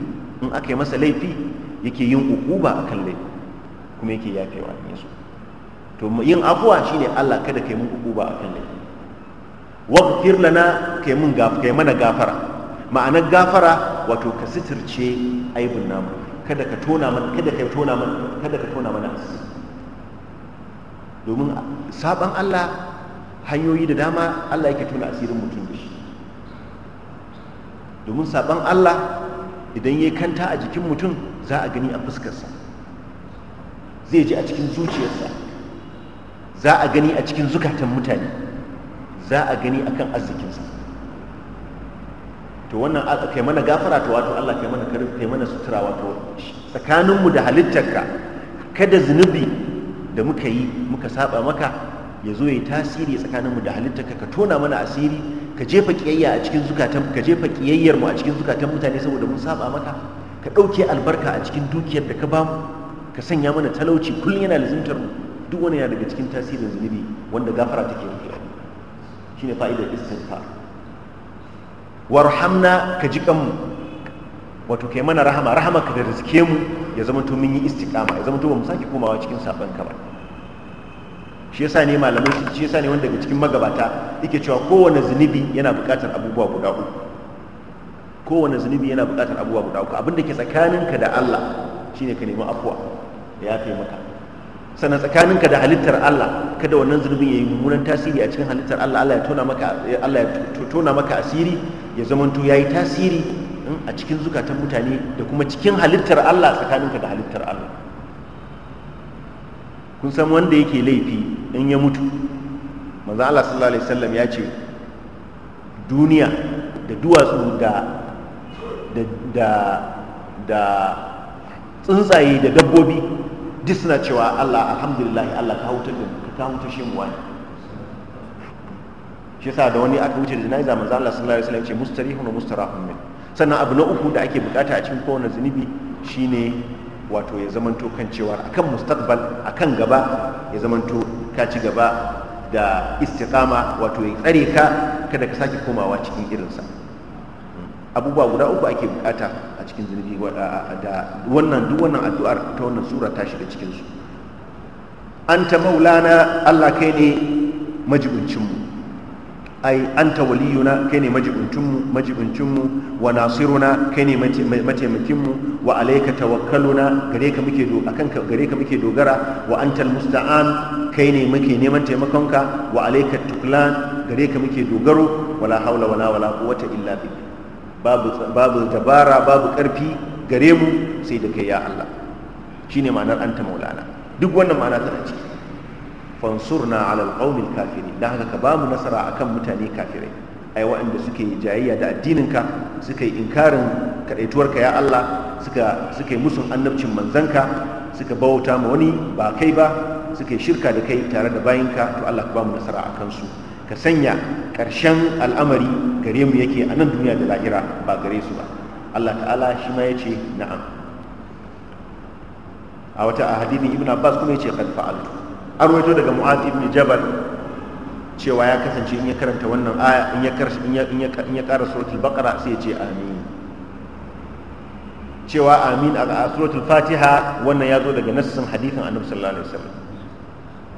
in aka yi masa laifi yake yin ukuba kan laifi kuma yake yafewa in yasu to yin afuwa shine Allah kada kai mun ukuba akan laifi waghfir lana kai mun gaf kai mana gafara ma'anar gafara wato ka sitirce aibun namu kada ka tona mana kada ka tona mana kada ka tona mana domin saban Allah hanyoyi da dama Allah yake tona asirin mutum da shi domin saban Allah idan ya kanta a jikin mutum za a gani a fuskarsa zai ji a cikin zuciyarsa za a gani a cikin zukatan mutane za a gani a kan arzikinsa to wannan kai mana gafara to wato Allah kai mana kai mana sutura wato tsakaninmu da halittarka kada zunubi da muka yi muka saba maka ya zo ya tasiri tsakaninmu da halittarka ka tona mana asiri ka jefa kiyayya a cikin zukatan ka jefa kiyayyar mu a cikin zukatan mutane saboda mun saba maka ka ɗauke albarka a cikin dukiyar da ka ba mu ka sanya mana talauci kullum yana lizimtar mu duk wani yana daga cikin tasirin zunubi wanda gafara take rufe shine fa'idar istighfar warhamna ka ji kanmu wato kai mana rahama rahama ka da riske mu ya zama to mun yi istiqama ya zama to ba mu sake komawa cikin saban ka ba shi yasa ne malamai shi yasa ne wanda daga cikin magabata yake cewa kowane zunubi yana buƙatar abubuwa guda uku kowane zunubi yana buƙatar abubuwa guda uku abin da ke tsakaninka da Allah shine ka nemi afuwa da ya kai maka sannan tsakaninka da halittar Allah kada wannan zunubin ya yi mummunan tasiri a cikin halittar Allah Allah ya tona maka Allah ya tona maka asiri ya zamanto tasiri hmm, a cikin zukatan mutane da kuma cikin halittar Allah tsakaninka da halittar Allah kun san wanda yake laifi in ya mutu manzo Allah sallallahu alaihi wasallam ya ce duniya da duwatsu da da tsuntsaye da dabbobi duk suna cewa Allah alhamdulillah Allah ka hautar da ka ka hautar shi mu wani shi yasa da wani aka wuce da jana'iza manzo Allah sallallahu alaihi wasallam ce mustarihun wa mustarahun min sannan abu na uku da ake bukata a cikin kowane zunubi shine wato ya zamanto kan cewa akan mustaqbal akan gaba ya zamanto ka ci gaba da istiqama wato ya tsare ka kada ka sake komawa cikin irinsa abubuwa guda uku ake bukata a cikin zunubi da wannan duk wannan addu'ar ta wannan sura ta shiga cikin su anta maulana Allah kai ne majibincin mu ai anta waliyuna kai ne majibincin mu majibincin mu wa nasiruna kai ne mataimakin mu wa alayka tawakkaluna gare ka muke do akan ka gare ka muke dogara wa antal musta'an kai ne muke neman taimakonka wa alayka tuklan gare ka muke dogaro wala haula wala wala quwwata illa billah babu dabara babu karfi gare mu sai da kai ya Allah shine ma'anar anta maulana duk wannan ma'ana tana ciki fansurna alal qaumil kafirin dan haka ka bamu nasara akan mutane kafirai ai waɗanda suke jayayya da addininka ka yi inkarin kadaituwarka ya Allah suka musu musun annabcin manzanka suka bauta ma wani ba kai ba suke yi shirka da kai tare da bayinka to Allah ka bamu nasara akan su ka sanya ƙarshen al'amari gare mu yake a nan duniya da lahira ba gare su ba Allah ta'ala shi ma ya ce na'am a wata a hadithin ibn abbas kuma ya ce kan fa'altu an rawaito daga mu'az ibn jabal cewa ya kasance in ya karanta wannan aya in ya in ya ƙara suratul baqara sai ya ce amin cewa amin a suratul fatiha wannan ya zo daga nassin hadithin annabi sallallahu alaihi wasallam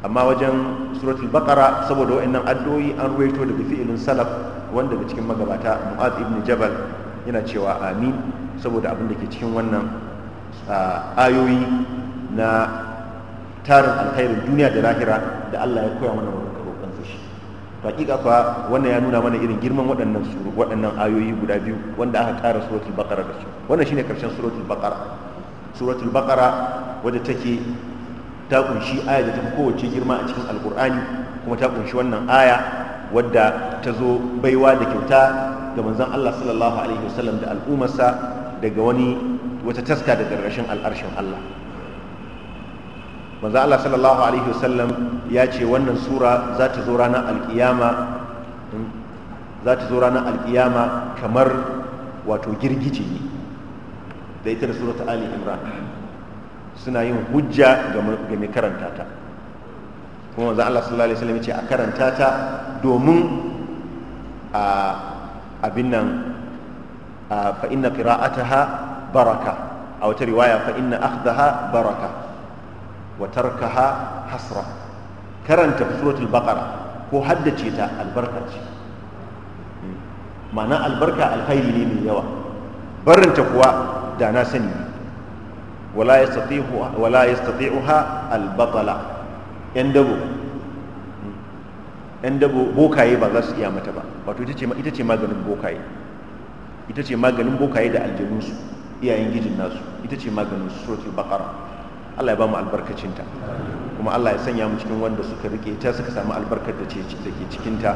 amma wajen suratul baqara saboda wa'annan addu'o'i an ruwaito daga fi'ilin salaf wanda daga cikin magabata mu'az ibn jabal yana cewa amin saboda abin da ke cikin wannan ayoyi na tarin alkhairin duniya da lahira da Allah ya koya mana wannan roƙon shi to hakika fa wannan ya nuna mana irin girman waɗannan suru waɗannan ayoyi guda biyu wanda aka ƙara suratul baqara da su wannan shine karshen suratul baqara suratul baqara wadda take ta kunshi aya da tafi kowace girma a cikin alkur'ani kuma ta kunshi wannan aya wadda ta zo baiwa da kyauta ga manzon Allah sallallahu alaihi wasallam da al'ummarsa daga wani wata taska daga rashin al'arshin Allah manzon Allah sallallahu alaihi wasallam ya ce wannan sura za ta zo ranar alkiyama za ta zo ranar alkiyama kamar wato girgije ne da ita da surata ali imran suna yin hujja ga mai karanta ta kuma manzo Allah sallallahu alaihi wasallam ya ce a karanta ta domin a abin nan fa inna qira'ataha baraka a wata riwaya fa inna akhdaha baraka wa tarkaha hasra karanta suratul baqara ko haddace ta albarka ce hmm. ma'ana albarka alkhairi ne mai yawa barinta kuwa da na sani wala yastati'uha wala yan dabo yan dabo bokaye ba za su iya mata ba wato ita ce ita ce maganin bokaye ita ce maganin bokaye da aljanunsu iyayen gijin nasu ita ce maganin suratul baqara Allah ya ba mu albarkacinta kuma Allah ya sanya mu cikin wanda suka rike ta suka samu albarkar da ce take ta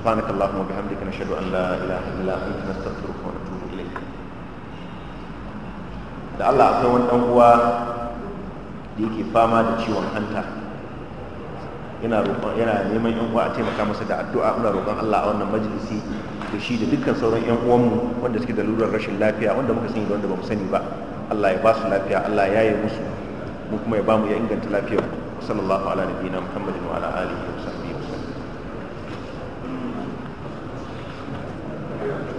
subhanakallahumma bihamdika nashhadu an la ilaha illa anta nastaghfiruka da Allah akwai wani dan uwa da yake fama da ciwon hanta yana roƙon neman yan uwa a taimaka masa da addu'a muna roƙon Allah a wannan majalisi da shi da dukkan sauran yan uwanmu wanda suke da lurar rashin lafiya wanda muka sani da wanda bamu sani ba Allah ya ba su lafiya Allah ya yi musu mu kuma ya ba mu ya inganta lafiyar sallallahu ala nabiyina muhammadin wa ala alihi wa sahbihi wa